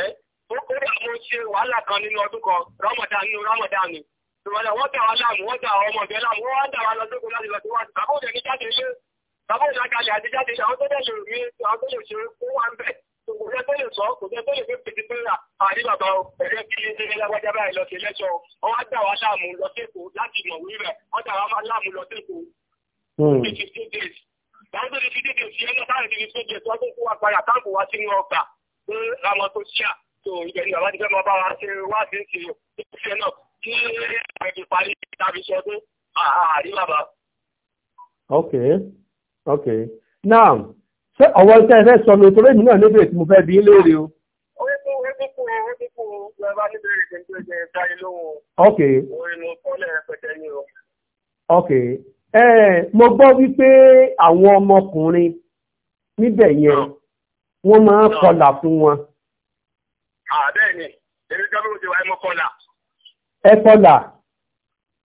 ẹ́ ó kódà mo ṣe wàhálà kan nínú ọdún kan ramadan nínú ramadan ni ìrọ̀lẹ́ wọ́n tẹ̀ wá láàmú wọ́n tẹ̀ àwọn ọmọ ìbẹ́ láàmú wọ́n dà wá lọ sókun láti lọ sí wájú bàbá òde ní jáde ilé bàbá òde àkàlẹ̀ àti jáde ilé àwọn tó dẹ̀ lè rí àwọn tó lè ṣe kó wà ń bẹ̀ kò jẹ́ tó lè sọ kò jẹ́ tó lè fi pèsè pé àrí bàbá ẹ̀jẹ̀ kí ilé ní lágbájá báyìí lọ sí ẹlẹ́ṣọ́ wọ́n wá dà wá láàmú lọ sẹ́kọ̀ọ́ láti mọ̀ wí rẹ̀ wọ́n dà wá láàmú lọ sẹ́kọ̀ọ́ wọ́n tó lè fi dédé sí ẹgbẹ́ báyìí níbi tó jẹ tó wọ́n tó kó wa padà táàbù wá sínú ọgbà fún ramatosia tó ibẹ̀ ni bàbá ti fẹ́ máa bá wa ṣe wá sí ti ìfẹ́ náà kí ẹ̀ẹ́dì parí tàbí sọdún àárí bàbá. ok ok now ṣé ọ̀wọ́ iṣẹ́ ẹ̀fẹ́ sọ mi torí èmi náà níbi ètò mo fẹ́ bí léèrè o. ok ok mo gbọ́ wípé àwọn ọmọkùnrin níbẹ̀ yẹn wọ́n máa ń kọlà fún wọn. bẹ́ẹ̀ni èmi gbọ́ bí wọ́n ti kọlà. ẹ kọlà.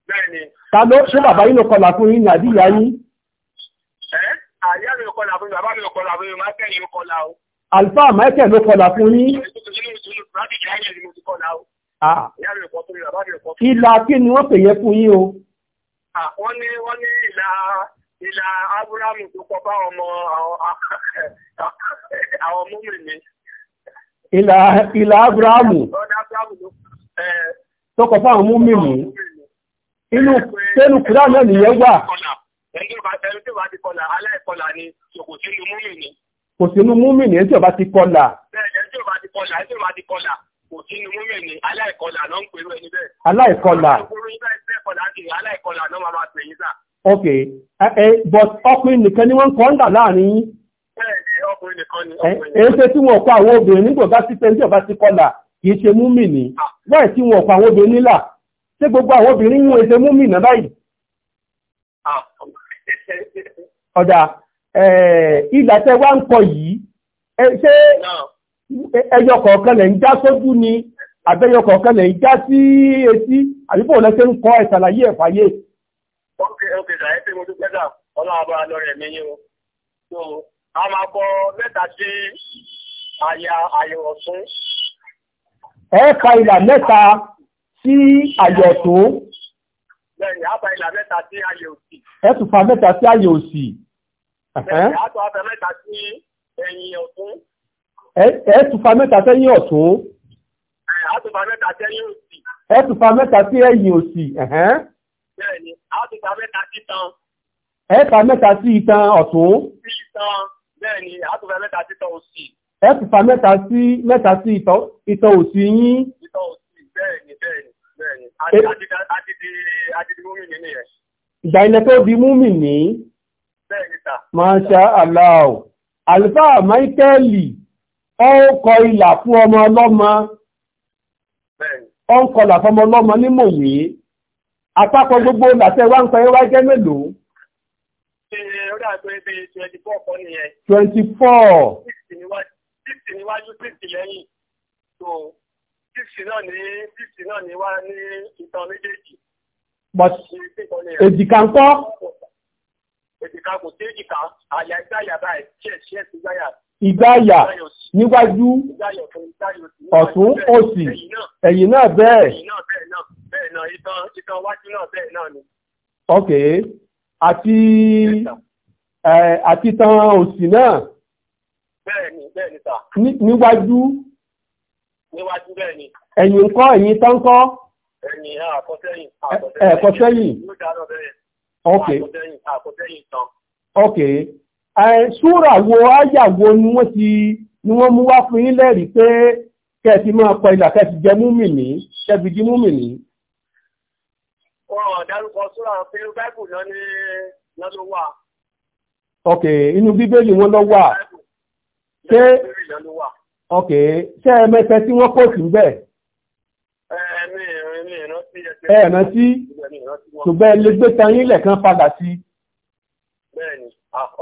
bẹ́ẹ̀ni. ta ló ṣé bàbá yín ló kọlà fún yín àbí ìyá yín. ẹ àyà mi ló kọlà fún mi bàbá mi ló kọlà fún mi Michael ló kọlà o. àlùfáà Michael ló kọlà fún yín. ìlà kí ni wọ́n pè yẹ fún yín o wọ́n ní wọ́n ní ìlà ìlà Ábúráhámù tó kọ bá ọmọ àwọn múmi mi. ìlà ìlà Ábúráhámù tó kọ fún àwọn múmi mi inú tẹnu kúrá náà nìyẹn wà. kò sínú múmi ni. kò sínú ti kọlà. bẹ́ẹ̀ ló ń pèrú ẹni bẹ́ẹ̀. aláìkọlà ok but ọkùnrin nìkan ni wọ́n ń kọ́ ń dà láàrin yín èyí ṣe tí wọ́n kọ àwọn obìnrin nígbà bá sí pẹ́ńtì ọba sí kọlà kìí ṣe múmi ní láì tí wọ́n kọ ah. àwọn obìnrin nílà ṣé gbogbo àwọn obìnrin mú ẹsẹ̀ múmi náà báyìí. Ah. ọ̀dà ìlà tẹ wá ń kọ yìí ṣé ẹyọ kọ̀ọ̀kan lẹ̀ ń já sójú ni àbẹ́yọ kọ̀ọ̀kan lẹ̀ ń já sí etí àbíbò lẹ́sẹ̀ ń kọ́ ẹ̀ṣàlàyé ẹ̀fàyè ókè ókè ṣàyẹ̀ pé mo dúpẹ́ dà ọlọ́run abọ́ alọ́rẹ̀ mi yín o. so a máa kọ mẹ́ta sí àyà àyẹ̀wò fún. ẹ ka ìlà mẹ́ta sí àyẹ̀ tó. bẹ́ẹ̀ni a fa ìlà mẹ́ta sí àyẹ̀ òsì. ẹ tún fa mẹ́ta sí àyẹ̀ òsì. bẹ́ẹ̀ni a tún fa mẹ́ta sí ẹ̀yìn ọ̀tún. ẹ tún fa mẹ́ta sẹ́yìn ọ̀tún. ẹ tún fa mẹ́ta sẹ́yìn òsì. ẹ tún fa mẹ́ta sí ẹ̀yìn òsì. bẹ́ẹ̀ni àtìgbà mẹ́ta sí tán. ẹ̀ẹ́ta mẹ́ta sí itan ọ̀tún. sí itan bẹ́ẹ̀ ni àtìgbà mẹ́ta sí itan òsì. ẹ̀ẹ́ta mẹ́ta sí mẹ́ta sí itan òsì yín. itan òsì bẹ́ẹ̀ ni bẹ́ẹ̀ ni bẹ́ẹ̀ ni àti di àti di múmi nìyí yẹn. ìgbà ilẹ̀ tó di ń kọ ìlà fún ọmọ ọlọ́mọ ó ń kọlà fún ọmọ ọlọ́mọ ní mòwé àpapọ̀ gbogbo làṣẹ wá ń sọ yẹn wá jẹ́ mélòó. twenty four. sixty níwájú sixty lẹ́yìn so sixty náà ní sixty náà ní wá ní ìtàn méjèèjì. but èjìká ń kọ́. èjìká kò sí èjìká àyà ìgbáyà báyìí ṣe ṣe ti gbáyà. ìgbáyà níwájú ọ̀tún òsì ẹ̀yìn náà bẹ́ẹ̀. ẹ̀yìn náà kan wájú náà bẹ́ẹ̀ náà ni. ok àti àti tan òsì náà. bẹ́ẹ̀ni bẹ́ẹ̀ni sà. níwájú. níwájú bẹ́ẹ̀ni. ẹ̀yìn ńkọ́ ẹ̀yìn tán kọ́. ẹ̀yìn àkọsẹ́yìn àkọsẹ́yìn. ẹ̀kọsẹ́yìn. àkọsẹ́yìn tán. ok súrà wo áyà wo ni wọ́n ti ni wọ́n mú wá fún yín lẹ́rìí pé kẹ́ẹ̀tì máa pọ ìlà kẹ́ẹ̀tì jẹ múmìnì kẹ́ẹ̀tì jí múmìnì wọn dárúkọ súrà pé báìbù náà ní náà ló wà. ok inú bíbélì wọn ló wà ṣé ok ṣé ẹ mẹsẹ tí wọn kò sí bẹ́ẹ̀. ẹ rántí ṣùgbọ́n ẹ lè gbé tan yín lẹ́ẹ̀kan padà sí. bẹ́ẹ̀ni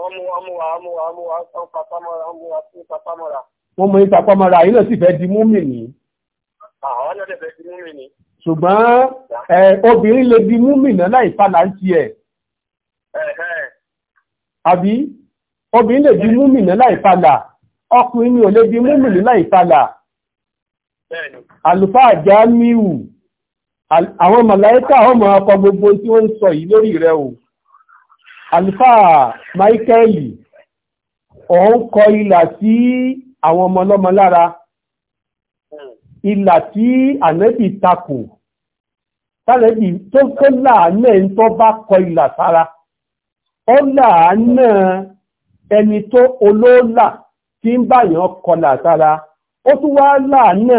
ọmọ ọmọ ọmọ ọmọ ọmọ papamọra ọmọ ọmọ papamọra. wọ́n mọ ipa pamọ́ra yìí náà sì fẹ́ di múmi nìyí. àwọn náà lè fẹ́ di múmi nìyí. ṣùgbọ́n obìnrin lè di múmìnà láì padà ń tiẹ̀ àbí obìnrin lè di múmìnà láì padà ọkùnrin ni ò lè di múmìnà láì àwọn màláíkà ọmọ ọkọ̀ gbogbo tí wọ́n ń sọ yìí lórí rẹ̀ o àlùfáà Máíkẹ́lì òun kọ ilà sí àwọn ọmọ ọlọ́mọ lára ilà tálẹ́bì tó kó láàánà ẹni tó bá kọ ìlà sára ó láàánà ẹni tó olóòlà tí ń báyàn kọlà sára ó tún wá láàánà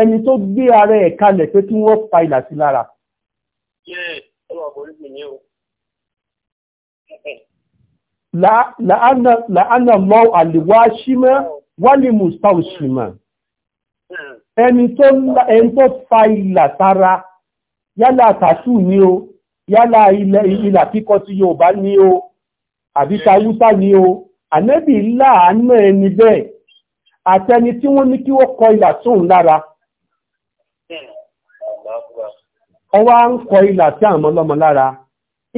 ẹni tó gbé ara ẹ̀ kalẹ̀ pé kí wọ́n pa ìlà sí lára láàánà lọ àlèwà ṣímọ́ wálé mustau ẹni tó fa ìlà sára yálà tàṣù ni o yálà ilà kíkọ tí Yorùbá ni o àbí tàwúsá ni o ànẹ́bì láàánú ẹni bẹ́ẹ̀ àtẹni tí wọ́n ní kí wọ́n kọ ilà sóhun lára ọwá ń kọ ilà sí àwọn ọlọ́mọ lára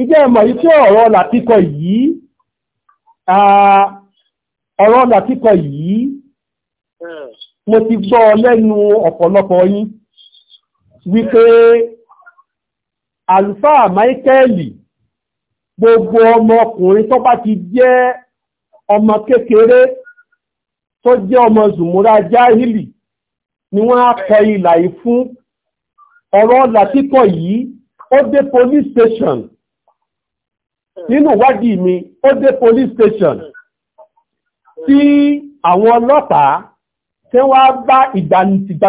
ìjẹ́ ẹ̀mọ̀ yìí tí ọ̀rọ̀ ọlà kíkọ yìí ọ̀rọ̀ ọlà yìí mo ti gbọ́ lẹ́nu ọ̀pọ̀lọpọ̀ yín wípé àlùfáà máíkẹ́ẹ̀lì gbogbo ọmọkùnrin tó bá ti jẹ́ ọmọ kékeré tó jẹ́ ọmọ zùmúra jáhìlì ni wọ́n á kọ ìlà yìí fún ọ̀rọ̀ ọ̀là kíkọ yìí ó dé police station nínú ìwádìí mi ó dé police station tí àwọn ọlọ́pàá tí wọ́n bá ìgbà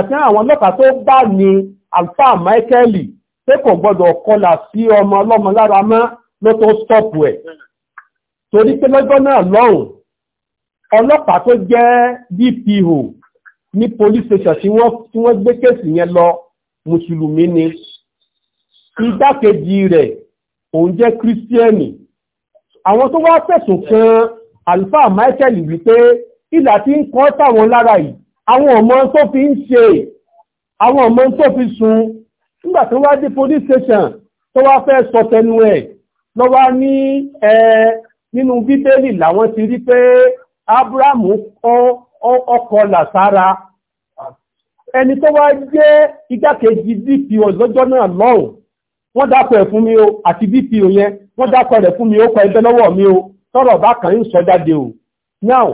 tí àwọn ọlọ́pàá tó bá ní alfa michaeli pé kò gbọ́dọ̀ kọlà sí ọmọ ọlọ́mọ lára mọ́ ló tó stọ́pù ẹ̀ torí pé lọ́jọ́ náà lọ́hùn ọlọ́pàá tó jẹ́ DPO ní police station tí wọ́n gbé kéèsì yẹn lọ mùsùlùmí ni igbákejì rẹ̀ òun jẹ́ kírísítíẹ́nì àwọn tó wá fẹ̀sùn kan àlùfáà Michael wípé ìlà tí ń kọ́ sáwọn lára yìí àwọn ọmọ tó fi ń ṣe àwọn ọmọ tó fi sun nígbà tó wá dé police station tó wá fẹ́ sọ tẹnu ẹ̀ lọ́wọ́ ní ẹ nínú bíbélì làwọn ti rí pé abrahamu kọ́ ọkọ̀ làsára ẹni tó wá jẹ́ igbákejì dpo lọ́jọ́ náà lọ́hùn wọ́n dákọ̀ ẹ̀ fún mi o àti dpo yẹn wọ́n dákọ̀ rẹ̀ fún mi ó kọ ẹgbẹ́ lọ́wọ́ mi o tọ́rọ̀ bá kàn ń sọ jáde o now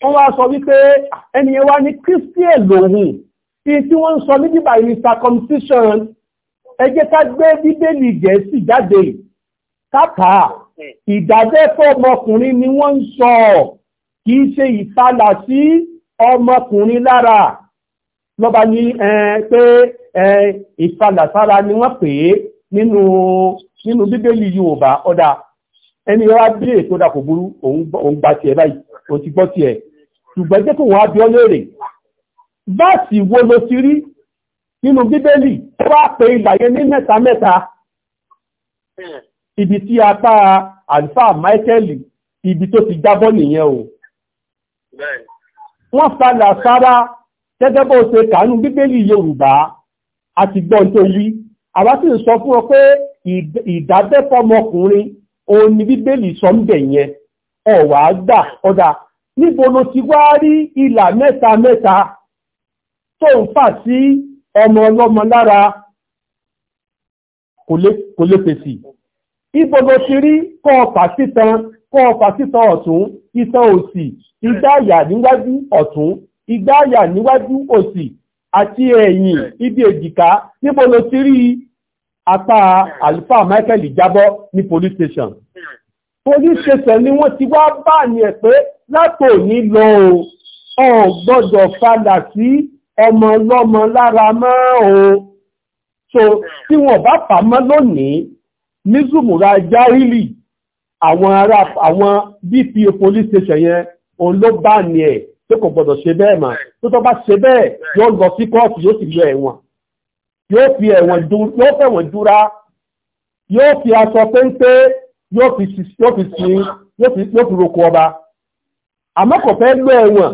wọ́n wá sọ wípé ẹni yẹn wá ní christian lòun tí tí wọ́n ń sọ ní bíbá yìí circumcision ẹ jẹ́ ká gbé bíbélì gẹ̀ẹ́sì jáde kápá ìdábẹ́fọ́ ọmọkùnrin ni wọ́n ń sọ kì í ṣe ìfàlà sí ọmọkùnrin lára lọ́ba ní pé ìfàlà sára ni wọ́n pè é nínú nínú bíbélì Yorùbá ọ̀dà ẹni wá bí èkó dà kò burú òun gba tiẹ̀ báyìí òun ti gbọ́ tiẹ̀ ṣùgbọ́n jẹ́ kó wọ́n á bí ọ léèrè báàsì wo lo ti rí nínú bíbélì ó wá pé ìgbà yẹn ní mẹ́ta mẹ́ta ibi tí apá àlùfà Michael ibi tó ti jábọ́ nìyẹn o wọ́n falà sára gẹ́gẹ́ bó ṣe kàánú bíbélì Yorùbá àti gbọ́n tó yí àwa sì ń sọ fún ọ pé ìdábẹ́fọ́mọkùnrin òun ni bíbélì sọ ń bẹ̀ yẹn ọ̀wà gbà ọ̀dà níbo ló ti wá rí ìlà mẹ́ta mẹ́ta tó ń fà sí ọmọ ọlọ́mọ lára kò lè fèsì ìbọ̀lọ̀ ti rí kọ́ ọ̀fà sítan kọ́ ọ̀fà sítan ọ̀tún itan òsì igbáyà níwájú ọ̀tún igbáyà níwájú òsì àti ẹ̀yìn ibi èjìká níbọ̀lọ̀ ti rí apá àlùfáà Michael jábọ́ ní police station police station ni wọ́n ti wá bá ní ẹ̀ pé látòní lọ ò gbọ́dọ̀ ọmọ ọlọ́mọ lára mọ́ o so tí wọ́n bá pamọ́ lónìí ní zùmùrà jáìlì àwọn ará àwọn DPO police station yẹn òun ló bá ní ẹ̀ tó kò gbọdọ̀ ṣe bẹ́ẹ̀ mà tó tó bá ṣe bẹ́ẹ̀ yóò lọ sí kóòtù yóò sì lọ ẹ̀wọ̀n yóò fi ẹ̀wọ̀n yóò fẹ̀wọ̀n dúra yóò fi aṣọ péńpé yóò fi sin yóò fi roko ọba àmọ́ fẹ́ lọ ẹ̀wọ̀n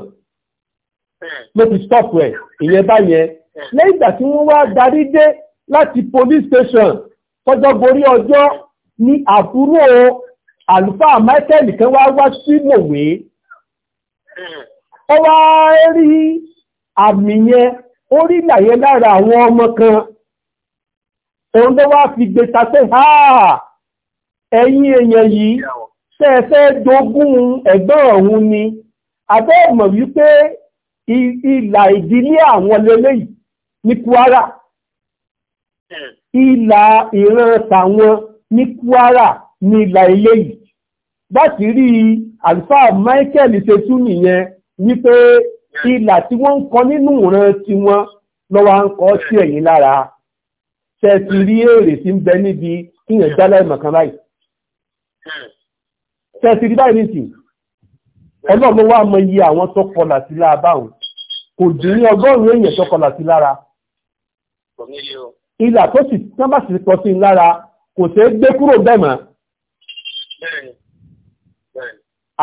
ló ti stọ́ọ̀pù ẹ̀ ìyẹn báyẹn lẹ́yìn ìgbà tí wọ́n wá darí dé láti police station tọ́jọ́ gorí ọjọ́ ní àbúrò àlùfáà Michael kan wá wá sí mòwe ó wá rí àmì yẹn ó rí ìlàyé lára àwọn ọmọ kan òun ló wá fi gbé ta pé ẹ̀yin èèyàn yìí ṣẹ́ẹ̀fẹ́ jogún ẹ̀gbọ́n ọ̀hún ni abẹ́ mọ̀ wípé ìlà ìdílé àwọn lélẹ́yìí ní Kwara ìlà ìran tàwọn ní Kwara ní ìlà eléyìí báti rí àlùfáà Michael ṣe tún nìyẹn wípé ìlà tí wọ́n ń kọ nínú ìran tiwọn lọ́wọ́ ń kọ́ sí ẹ̀yìn lára ṣe ti rí èrè tí ń bẹ níbi kíyàn jálẹ̀ mọ̀kan báyìí ṣe ti rí báyìí nìsín ọlọ́run ló wá mọ iye àwọn tó kọlà sí lára báwọn kò dín ní ọgọ́rùn-ún èèyàn tó kọlà sí lára ìlà tó sì tán bá sì pọ̀ sí lára kò tẹ́ gbé kúrò bẹ́ẹ̀ mọ́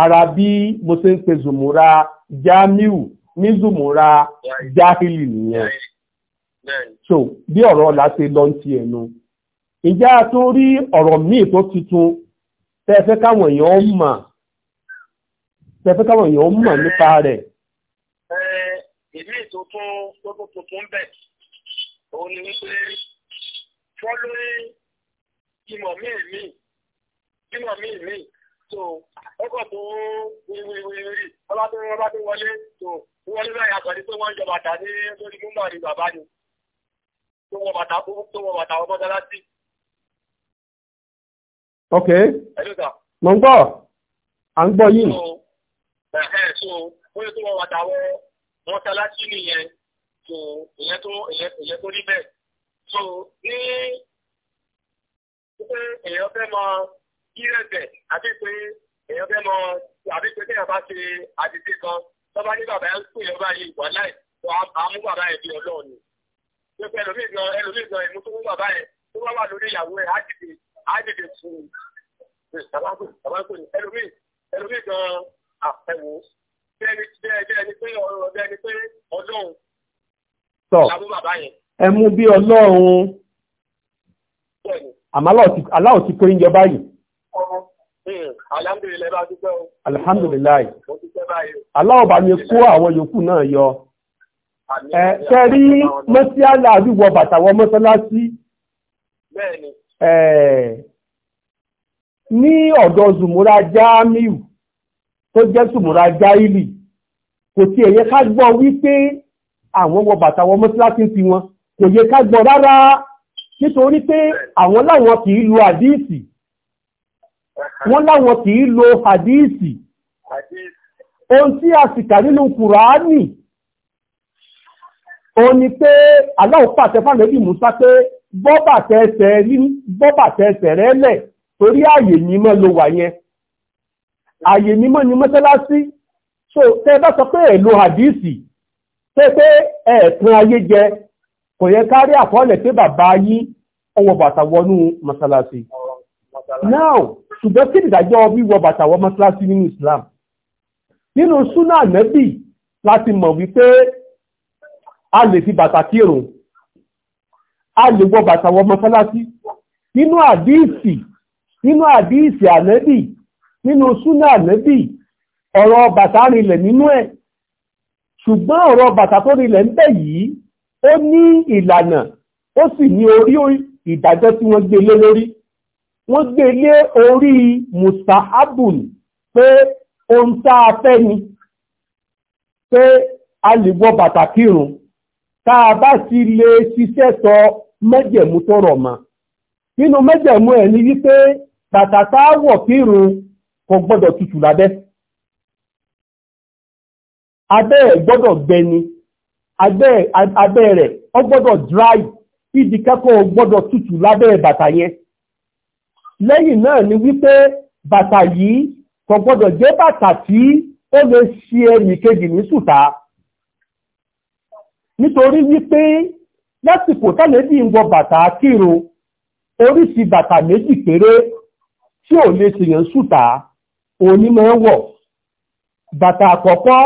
ara bí mo ṣe ń pe zùmúra jamiu ní zùmúra jahili nìyẹn so bí ọ̀rọ̀ láti lọ ti ẹnu ìjà tó rí ọ̀rọ̀ míì tó tuntun tẹ́ẹ̀fẹ́ káwọn èèyàn mọ̀ tẹ́fẹ́ káwọn èèyàn mọ̀ nípa rẹ̀. ìlú ìtòkún lókùn tuntun bẹ̀ òun ni wípé wọ́n lórí ìmọ̀ míì míì ìmọ̀ míì míì tó ọkọ̀ tó wíwíwíwí ọlá tó wọ́n bá tó wọlé tó wọlé náà yàtọ̀ ní pé wọ́n ń jọ bàtà ní lórí múmbà ní bàbá ni tó wọ bàtà tó wọ bàtà ọmọ dáná sí. ok mo ń gbọ́ à ń gbọ́ yìí ẹ̀hẹ́ so wọ́n yóò tó wọ́n wàtà wọ́n wọ́n tẹ́láṣí nìyẹn so ìyẹn tó ìyẹn tó rí bẹ́ẹ̀ so ní pé èèyàn fẹ́ mọ ìrẹsẹ̀ àti pé èèyàn fẹ́ mọ àti pé kéèyàn bá ṣe àdìsí kan tọ́ba ní bàbá ń pè lọ́ba yìí wà láì tó àmú bàbá yẹn bí ọlọ́run ni pé ẹlòmíì gan ẹlòmíì àfẹ́wò bẹ́ẹ̀ ni pé ọ̀rọ̀ bẹ́ẹ̀ ni pé ọlọ́run làwọn bàbá yẹn. ẹ mú bí ọlọ́run àmọ́ aláwọ̀ ti kó oúnjẹ báyìí. Hmm, alhamdulilayi bá dúpẹ́ o. alhamdulilayi aláwọ̀ bá mi kó àwọn yòókù náà yọ. ẹ ṣe rí mọ́síálà àdúgbò bàtàwọ mọ́sálásí. bẹ́ẹ̀ ni. ní ọ̀dọ̀ zùmúra jámíù tó jẹ́ sùmùrà jáìlì kò tí ẹ̀yẹ ká gbọ́ wípé àwọn wọ bàtà wọn mọ́síláṣí ti wọn kò yẹ ká gbọ́ rárá nítorí pé àwọn láwọn kì í lo àdíìsì wọ́n láwọn kì í lo àdíìsì ohun tí a sì kà nínú kùránì òun ni pé aláwọ̀ pàṣẹ fàlẹ́bì Mùsá pé bọ́bàtẹ̀ ẹsẹ̀ rẹ̀ torí ààyè yìí mọ́ lo wà yẹn àyè mímọ́ ni mọ́sálásí so tẹ́ bá sọ pé èlò hadisi tẹ́ pé ẹ̀ẹ̀kan ayé jẹ kò yẹ kárí àkọọ́lẹ̀ pé bàbá yí ọwọ́ bàtà wọnú now ṣùgbọ́n kí ìdájọ́ wíwọ bàtà wọ nínú Islam nínú súnà nẹ́bì láti mọ̀ wípé a lè fi bàtà kírun a lè wọ bàtà wọ nínú àdíìsì nínú àdíìsì ànẹ́bì nínú súnà ànábì ọ̀rọ̀ bàtà rinlẹ̀ nínú ẹ̀ ṣùgbọ́n ọ̀rọ̀ bàtà tó rinlẹ̀ ń bẹ̀ yìí ó ní ìlànà ó sì ní orí ìdájọ́ tí wọ́n gbé lé lórí wọ́n gbé lé orí mustahabun pé ohun tá a fẹ́ ni pé a lè wọ bàtà kírun tá a bá sì lè ṣiṣẹ́ sọ mẹ́jẹ̀mú tó rọ̀ mọ́ nínú mẹ́jẹ̀mú ẹ̀ ni wípé bàtà tá a kírun kò gbọ́dọ̀ tutù lábẹ́ abẹ́ ẹ̀ gbọ́dọ̀ gbẹni abẹ́ rẹ̀ ọ gbọ́dọ̀ dry ìdí kẹ́kọ̀ọ́ gbọ́dọ̀ tutù lábẹ́ bàtà yẹn lẹ́yìn náà ni wípé bàtà yìí kò gbọ́dọ̀ jẹ́ bàtà tí ó lè ṣe ẹnì kejì ní sùtà nítorí wípé lásìkò tálẹ́bí ń wọ bàtà kírun oríṣi bàtà méjì péré tí ò lè ṣèyàn sùtà òní máa ń wọ̀ bàtà àkọ́kọ́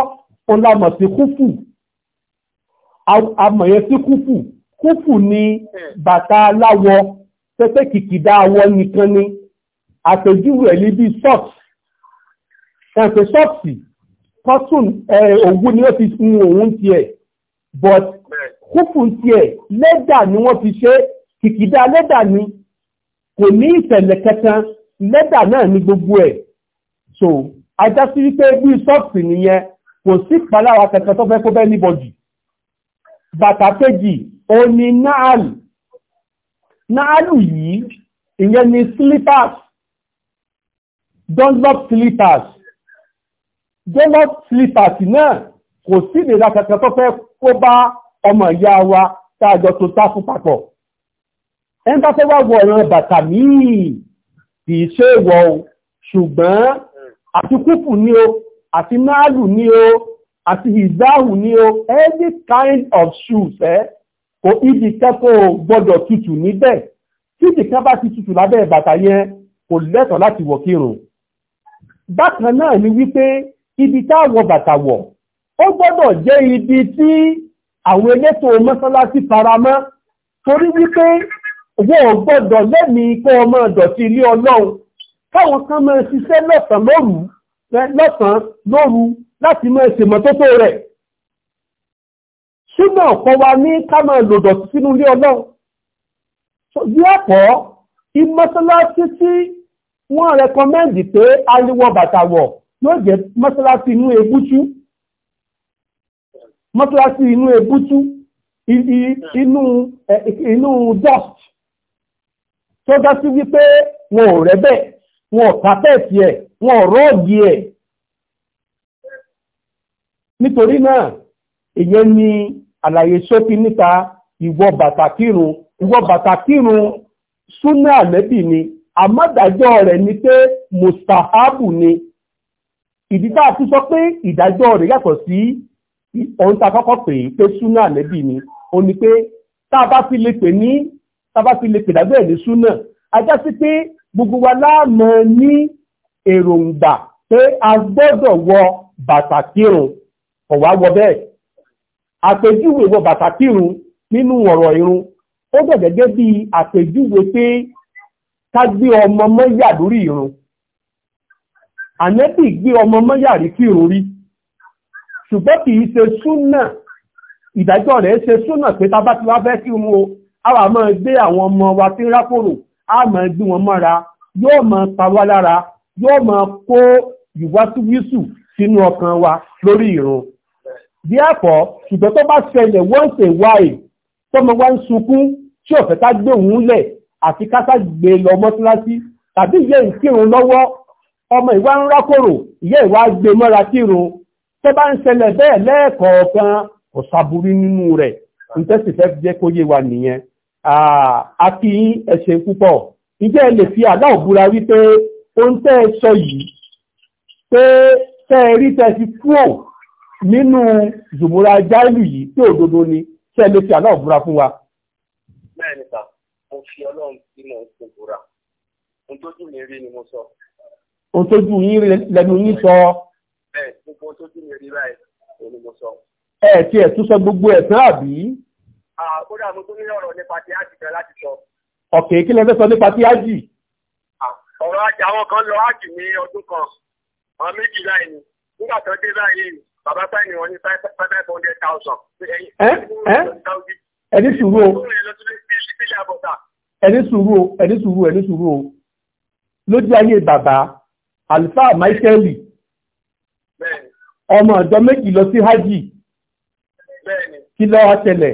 òun la mọ̀ sí kúfù amọ̀yẹ sí kúfù kúfù ni bàtà aláwọ̀ pépé kìkìdá awọ nìkan ni àpèjúwe ẹ̀lí bíi sọ́ọ̀tì sọ́ọ̀tì kọ́tùn òwú ni ó ti fún òun tiẹ̀ but kúfù tiẹ̀ lẹ́dà ni wọ́n fi ṣe kìkìdá lẹ́dà ni kò ní ìtẹ̀lẹ̀ kẹta lẹ́dà náà ni gbogbo ẹ̀ so ajá sí wípé bí sọ́ọ̀sì nìyẹn kò sí ìpalára kẹ̀kẹ́ tó fẹ́ kó bẹ́ẹ̀ níbọ̀dì bàtà kejì ó ní náàlù náàlù yìí ìyẹn ni slippers dunlop slippers dunlop slippers náà kò sí ìlera kẹ̀kẹ́ tó fẹ́ kó bá ọmọ ìyá wa táàjọ tó tá fún papọ̀ ẹn bá fẹ́ wá wọ ọ̀ràn bàtà míì kì ṣe ìwọ̀ ṣùgbọ́n àti kúfù ní o àti máàlù ní o àti ìdáhù ní o any kind of shoes ẹ eh? kò ibi kẹ́kọ̀ọ́ gbọ́dọ̀ tutù níbẹ̀ tí ìdìkan bá ti tutù lábẹ́ bàtà yẹn kò lẹ́tọ̀ọ́ láti wọ̀ kírun bákan náà ni wípé ibi táwọ̀ bàtà wọ̀ ó gbọ́dọ̀ jẹ́ ibi tí àwọn elétò mọ́sálásí faramọ́ torí wípé wọ́n gbọ́dọ̀ lẹ́mìí kó ọmọ ọ̀dọ̀ sí ilé ọlọ́run káwọn kan máa ṣiṣẹ́ lọ́sàn lóru lọ́sàn lóru láti máa ṣèmọ́tótó rẹ̀ ṣùgbọ́n ọ̀pọ̀ wa ní ká máa lòdọ̀ sínú ilé ọlọ́run bí ọ̀pọ̀ ìmọ́sálásí tí wọ́n rẹkọmẹ́ndì pé aliwọ bàtà wọ̀ yóò jẹ́ mọ́sálásí inú ebútú mọ́sálásí inú ebútú inú dust tó dá sí wípé wọn ò rẹ́ bẹ́ẹ̀ wọn pàtẹ́ẹ̀tì ẹ̀ wọn rọ́ọ̀gì ẹ̀ nítorí náà èyàn ni àlàyé ṣókí níta ìwọ bàtà kírun ìwọ bàtà kírun súnà àlẹ́bì ni àmọ́dájọ́ rẹ̀ ni pé mustahabu ni ìdídá àti sọ pé ìdájọ́ rẹ̀ yàtọ̀ sí ohun tá a kọ́kọ́ pè é pé súnà àlẹ́bì ni ó ní pé tá a bá fi lè pè ní tá a bá fi lè pè dábẹ́ ẹ̀ ní súnà ajá sí pé gbogbo wa láàmọ́ ní èròǹgbà pé a gbọ́dọ̀ wọ bàtà kírun ọ̀wá wọ bẹ́ẹ̀ àpèjúwe wọ bàtà kírun nínú ọ̀rọ̀ irun ó dẹ̀ gẹ́gẹ́ bí àpèjúwe pé ká gbé ọmọ mọ́yà lórí irun ànẹ́bì gbé ọmọ mọ́yà rí kírun rí ṣùgbọ́n kì í ṣe súnà ìdájọ́ rẹ̀ ṣe súnà pé tá bá ti wá fẹ́ kírun o a wà máa gbé àwọn ọmọ wa tí ń rákòrò a máa gbé wọn mọ́ra yóò máa pa wá lára yóò máa kó ìwásíwísù sínú ọkàn wa lórí ìrun díàpọ̀ ṣùgbọ́n tó bá ṣẹlẹ̀ once a while tọ́mọ wa ń sunkún tí ọ̀fẹ́ ká gbé òun lẹ̀ àti kásá gbé lọ mọ́tíláṣí tàbí ìyá ìkírun lọ́wọ́ ọmọ ìwá ń rákòrò ìyá ìwá gbé mọ́ra kírun tó bá ń ṣẹlẹ̀ bẹ́ẹ̀ lẹ́ẹ̀kọ̀ọ̀kan kò sàbúrí nínú rẹ̀ ń tẹ́sí fẹ́ jẹ́ kó yé wa nìyẹn a kí ẹ̀ṣẹ̀ púpọ̀ ìjẹ́ ẹ lè fi àdá òbúra wípé ohun tẹ́ ẹ sọ yìí pé tẹ́ ẹ rí tẹ́ ẹ ti kúrò nínú zùmúra jáìlù yìí tí òdodo ni tẹ́ ẹ lè fi àdá òbúra fún wa. bẹ́ẹ̀ ni sà mo fi ọlọ́run tí mo ń kó búra ohun tójú mi rí ni mo sọ. ohun tójú yín lẹ́nu yín sọ. bẹ́ẹ̀ gbogbo ohun rí báyìí ni sọ. ẹ kódà mo tún ní ọ̀rọ̀ nípa ti ájì kan láti sọ. ọ̀kẹ́ kí lẹ fẹ́ sọ nípa ti ájì. ọ̀rọ̀ ajé àwọn kan lọ ájì ní ọdún kan àwọn méjì láì ní nígbà tó dé báyìí bàbá sáì ní wọn ní five five hundred thousand. ẹni sùúrù o ẹni sùúrù o ẹni sùúrù o ẹni sùúrù o lójú ayé bàbá àlùfáà máíkẹ́lì ọmọ ọ̀dọ́ méjì lọ sí hájì kí ló wá ṣẹlẹ̀.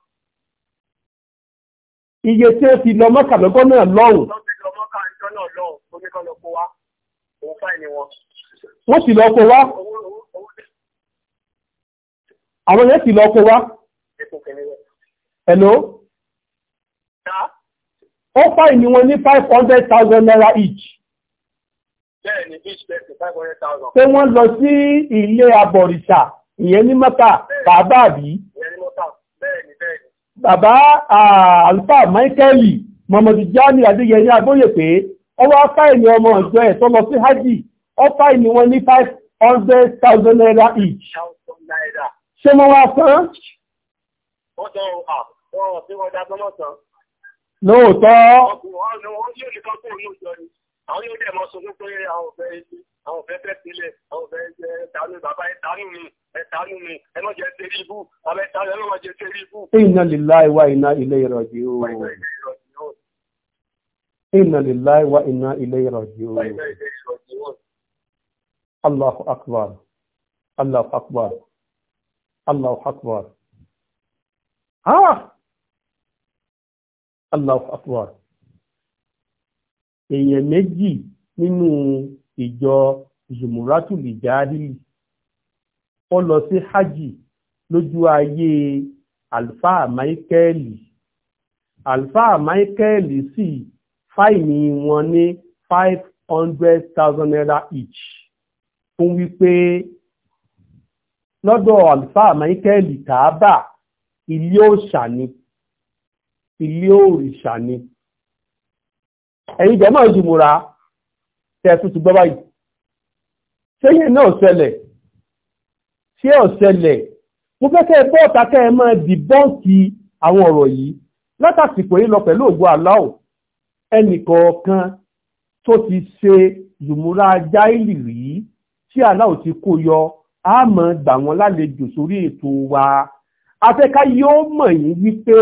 iye tí ó fi lọ mọ́kà lọ́gọ́ náà lọ́hùn. wọ́n sì lọ kó wá. àwọn yẹn sì lọ kó wá. hello. ó fáìní wọn ní five hundred thousand naira each. bẹ́ẹ̀ni each person five hundred thousand. pé wọ́n lọ sí ilé abọ̀rìṣà ìyẹn ní mọ́kà bàbá àbí bàbá àlùfà Máíkẹ́lì Mọ̀mọ̀dù Jáàmì Adéyẹrí Agbóyè pé ọwọ́ fáìní ọmọ ìjọ ẹ̀ tó sí hajj ọ fáìní wọn ní five hundred thousand naira each. ṣé wọ́n wá san? wọ́n tọ́ àwọn ọ̀rọ̀ wọ́n yóò ní kọ́kọ́ òun yóò ni àwọn yóò dẹ̀ mọ́ sọ pé àwọn ọ̀fẹ́ àwọn òfẹ́ fẹ́ sílẹ̀ àwọn òfẹ́ ẹ tánú bàbá ẹ tánú mi ẹ tánú mi ẹ má jẹ sẹ́rí ibú bàbá ẹ tánú ẹ má jẹ sẹ́rí ibú. inna lillahi wa inna ilayhi raji'un. inna lillahi wa inna ilayhi raji'un. Allahu akbar Allahu akbar Allahu akbar. ah akbar èèyàn méjì nínú ìjọ zumuratul jahili ó lọ sí hajj lójú ayé alfa michaeli alfa michaeli sì fáìní wọn ní five hundred thousand naira each fún wípé lọ́dọ̀ alfa michaeli kàábà ilé òòṣà ni ilé òòṣà ni ẹ̀yin jẹ́ mọ̀ ìjùmọ̀ra tẹ́ẹ̀tù ti gbọ́ báyìí ṣéyìn náà ṣẹlẹ̀ ṣé ọ̀ṣẹlẹ̀ mo fẹ́ kẹ́ ẹ bọ́ ọ̀tá kẹ́ ẹ máa dìbọ́ǹkì àwọn ọ̀rọ̀ yìí látàsìkò yìí lọ pẹ̀lú ògbó aláwò ẹnìkọ̀ọ̀kan tó ti ṣe ìmúra jáìlì rí tí aláwò ti kó yọ á mọ̀ gbà wọ́n lálejò sórí ètò wa afẹ́ká yóò mọ̀ yín wípé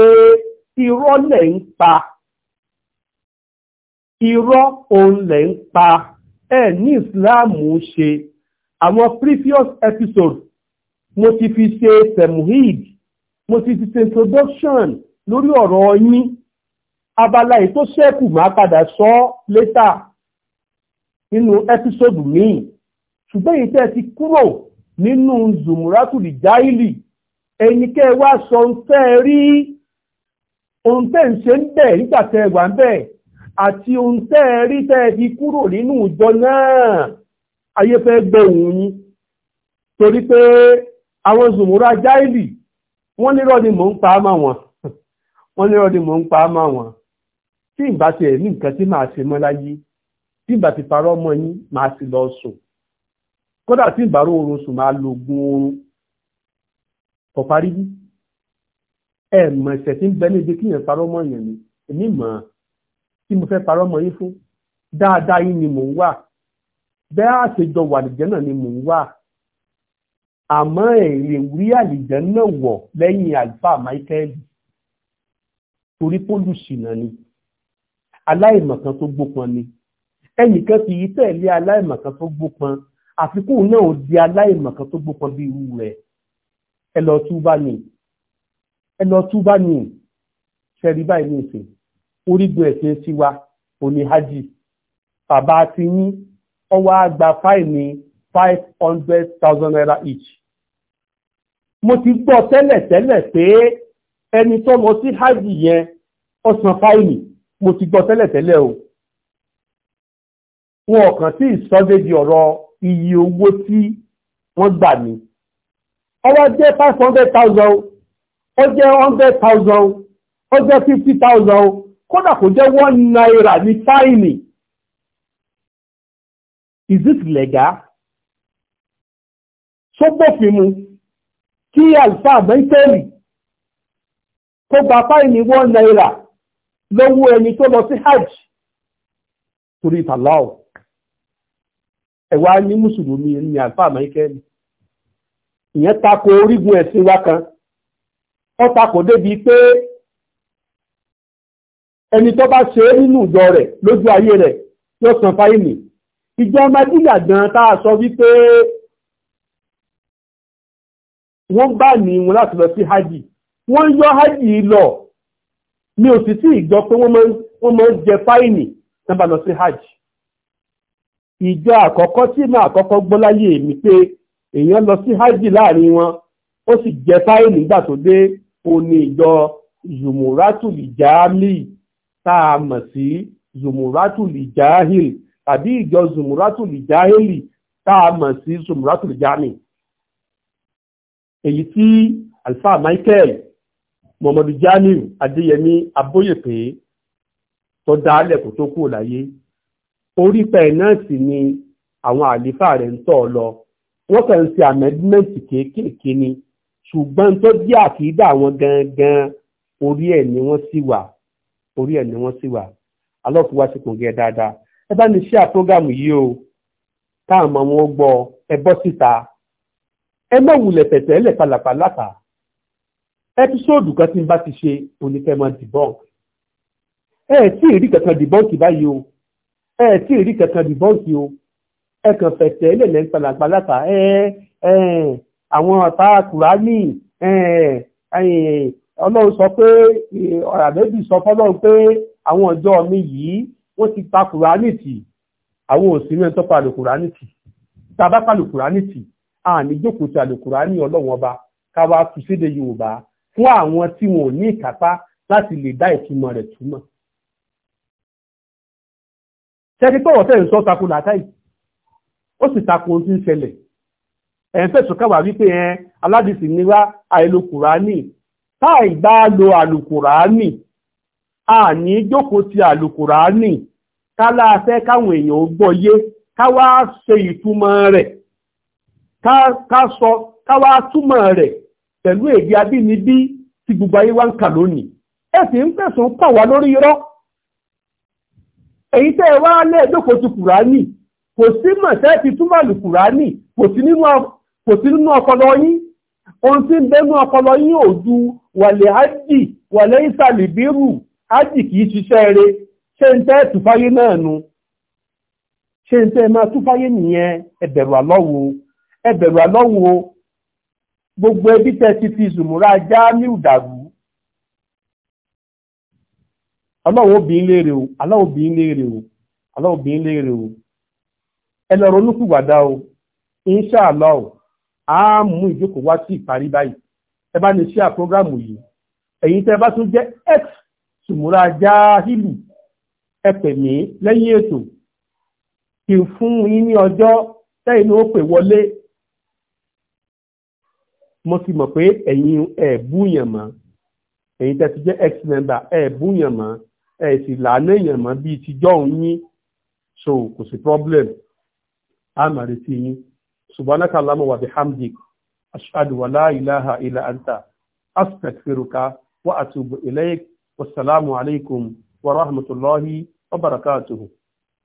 irọ́ lẹ̀ ń pa irọ́ òun lẹ̀ ń pa ẹ̀ ní ìsìláàmù ṣe àwọn previous episodes mo ti fi ṣe temuhid mo ti fi ṣe introduction lórí ọ̀rọ̀ yín abala yìí tó ṣẹ́kù máa padà sọ ọ́ létà nínú ẹ́písòdù míì ṣùgbọ́n èyí tẹ́ ti kúrò nínú zumuratuli jaili ẹni kẹ́ ẹ wá sọ ń fẹ́ rí ohun tẹ́ ń ṣe ń bẹ̀ nígbà tẹ́ ẹ wà ń bẹ̀ àti ohun tẹ́ ẹ rí tẹ́ ẹ fi kúrò nínú ìjọ náà ayé fẹ́ gbẹ̀wùn yín torí pé àwọn zùmúra jáìlì wọ́n lérò ni mò ń pa á wọn wọ́n lérò ni mò ń pa á mọ́ wọn tí ìgbà tí ẹ̀ ní nǹkan tí màá ṣe mọ́ láyé tí ìgbà ti parọ́ mọ́ yín màá sì lọ sùn kódà tí ìbárò oorun sùn máa lo oògùn oorun kò parí bí ẹ̀ mọ̀ ẹ̀ṣẹ̀ tí ń bẹ níbi kíyàn parọ́ mọ́ yẹn ni èmi mọ̀ ọ́ tí mo fẹ́ parọ́ mọ́ yín fún dáadáa yín ni mò ń wà bẹ́ẹ̀ àṣejọ wà àlìjẹ́ náà ni mò ń wà àmọ́ èrè rí àlìjẹ́ náà wọ̀ lẹ́yìn àlùfáà Michael torí pólùsì náà ni aláìmọ̀kan tó gbópọn ni ẹnìkan kì í tẹ̀lé aláìmọ̀kan tó gbópọn àfikún náà ò di aláìmọ̀kan tó gbópọn bí irú rẹ̀ ẹ lọ túbá ni ẹ lọ túbá ni ṣẹ̀rí báyìí ní ìsìn orígun ẹ̀sìn tiwa òní hajj bàbá ti yín ọwọ́ àgbà fáìní five hundred thousand naira each. mo ti gbọ́ tẹ́lẹ̀tẹ́lẹ̀ pé ẹni tó lọ sí hajj yẹn ó fáìní mo ti gbọ́ tẹ́lẹ̀tẹ́lẹ̀ o. wọn kàn sí ìsọdẹ́jì ọ̀rọ̀ iye owó tí wọ́n gbà ní. ọwọ́ jẹ́ five hundred thousand ó jẹ́ hundred thousand ó jẹ́ fifty thousand. kódà kò jẹ́ one naira ní fáìnì is it legal sógbófin kí àlùfáà mẹ́ńtẹ́lì tó gba fáìnì one naira lọ́wọ́ ẹni tó lọ sí hajj torí ìtàláwọ̀ ẹ̀wà ní mùsùlùmí ní àlùfáà mẹ́ńtẹ́lì ìyẹn tako orígun ẹ̀sìn wa kan tako débi pé ẹni tó bá ṣe é nínú ìjọ rẹ̀ lójú ayé rẹ̀ yóò san fáìlì ìjọ Mádínà gan tá a sọ wípé wọ́n bá ní wọn láti lọ sí hajj wọ́n ń yọ hajj lọ mi ò sì sí ìjọ pé wọ́n máa ń jẹ fáìlì tán bá lọ sí hajj ìjọ àkọ́kọ́ tí máa àkọ́kọ́ gbọ́ láyé mi pé èèyàn lọ sí hajj láàrin wọn ó sì jẹ fáìlì nígbà tó dé òní ìjọ Jumuratul Jami tá a mọ̀ sí zumuratuli jahil tàbí ìjọ zumuratuli jahili tá a mọ̀ sí zumuratuli jami èyí tí alfa michael muhammadu jamiu adéyẹmí abóyèpé tó dálẹ̀ kó tó kúrò láyé orí pẹ̀ náà sì ni àwọn àlífà rẹ̀ ń tọ̀ lọ wọ́n kàn ń ṣe àmẹ́dímẹ́ǹtì kéékèèké ni ṣùgbọ́n tó jẹ́ àkídà wọn gangan orí ẹ̀ ni wọ́n sì wà orí ẹ̀ ni wọ́n sì wà alọ́ọ̀kú wá sí kòǹgẹ́ dáadáa ẹ bá ní ṣíà prógámù yìí o táwọn ọmọ wọn gbọ́ ẹ bọ́ síta ẹ má wulẹ̀ tẹ̀tẹ̀ ẹ lẹ̀ palàpalà kà ẹpisóòdù kan tí n bá ti ṣe oníkẹ́mọ́ debunk ẹ ẹ̀ tí ì rí kankan debunk báyìí o ẹ ẹ̀ tí ì kankan debunk o ẹ kàn fẹ̀tẹ̀ ẹ lẹ̀ lẹ́ palàpalà kà ẹ ẹ àwọn àtàkùrá ní ẹ ẹ ọlọ́run sọ pé ànábì sọ fọlọ́run pé àwọn ọjọ́ mi yìí wọ́n ti pa kùránì tì àwọn òsínú ẹni tó pa àlùkùránì tì tá a bá pa àlùkùránì tì a ní jókòó ti àlùkùránì ọlọ́run ọba ká wá tu sédè yorùbá fún àwọn tí wọn ò ní ìkápá láti lè dá ìtumọ̀ rẹ̀ túmọ̀. ṣẹ́ni pé ọ̀tẹ́ ń sọ tako làákàyè ó sì tako ohun tí ń ṣẹlẹ̀ ẹ̀ ń fẹ̀sùn káwà wípé ẹ aládìsí ni wá àìlò táì bá lo àlùkùránì a ní jókòó ti àlùkùránì kálá káwọn èèyàn gbọ́yé ká sọ túmọ̀ rẹ̀ pẹ̀lú èdè abínibí ti gbogbo ayé wá ń kà lónìí ẹ sì ń lórí irọ́ èyí tẹ́ wá kò sí mọ̀ kò sí nínú ohun tí ń ọpọlọ yín ò wàlẹ̀ ájì wàlẹ̀ ìsàlẹ̀ bírù ájì kìí ṣiṣẹ́ rẹ̀ ṣé ń tẹ́ ẹ̀tùfáyé náà nu ṣé ń tẹ́ máa túfáyé nìyẹn ẹbẹ̀rù ẹbẹ̀rù gbogbo ẹbí tẹ́ ti fi zùmúra já ní ìdàrú aláwọ̀ obìnrin léèrè o aláwọ̀ obìnrin léèrè o o ẹ lọ o inṣàlá o a mú ìjókòó wá sí ìparí báyìí ẹ bá ní ṣíà prógrámù yìí ẹ̀yin tẹ́ bá tún jẹ́ x sùmúra jáhìlù ẹ pè mí lẹ́yìn ètò kí n fún yín ní ọjọ́ tẹ́yìn ní ó pè wọlé mo sì mọ̀ pé ẹ̀yin ẹ̀ búyàn mọ́ ẹ̀yin tẹ́ ti jẹ́ x member ẹ̀ búyàn mọ́ ẹ̀ sì làánà èèyàn mọ́ bíi tijọ́ òun yín so kò sí problem a máa yín. subhanaka allahumma wa bihamdik ashhadu an la ilaha illa anta astaghfiruka wa atubu ilaik wassalamu alaikum wa rahmatullahi wa barakatuhu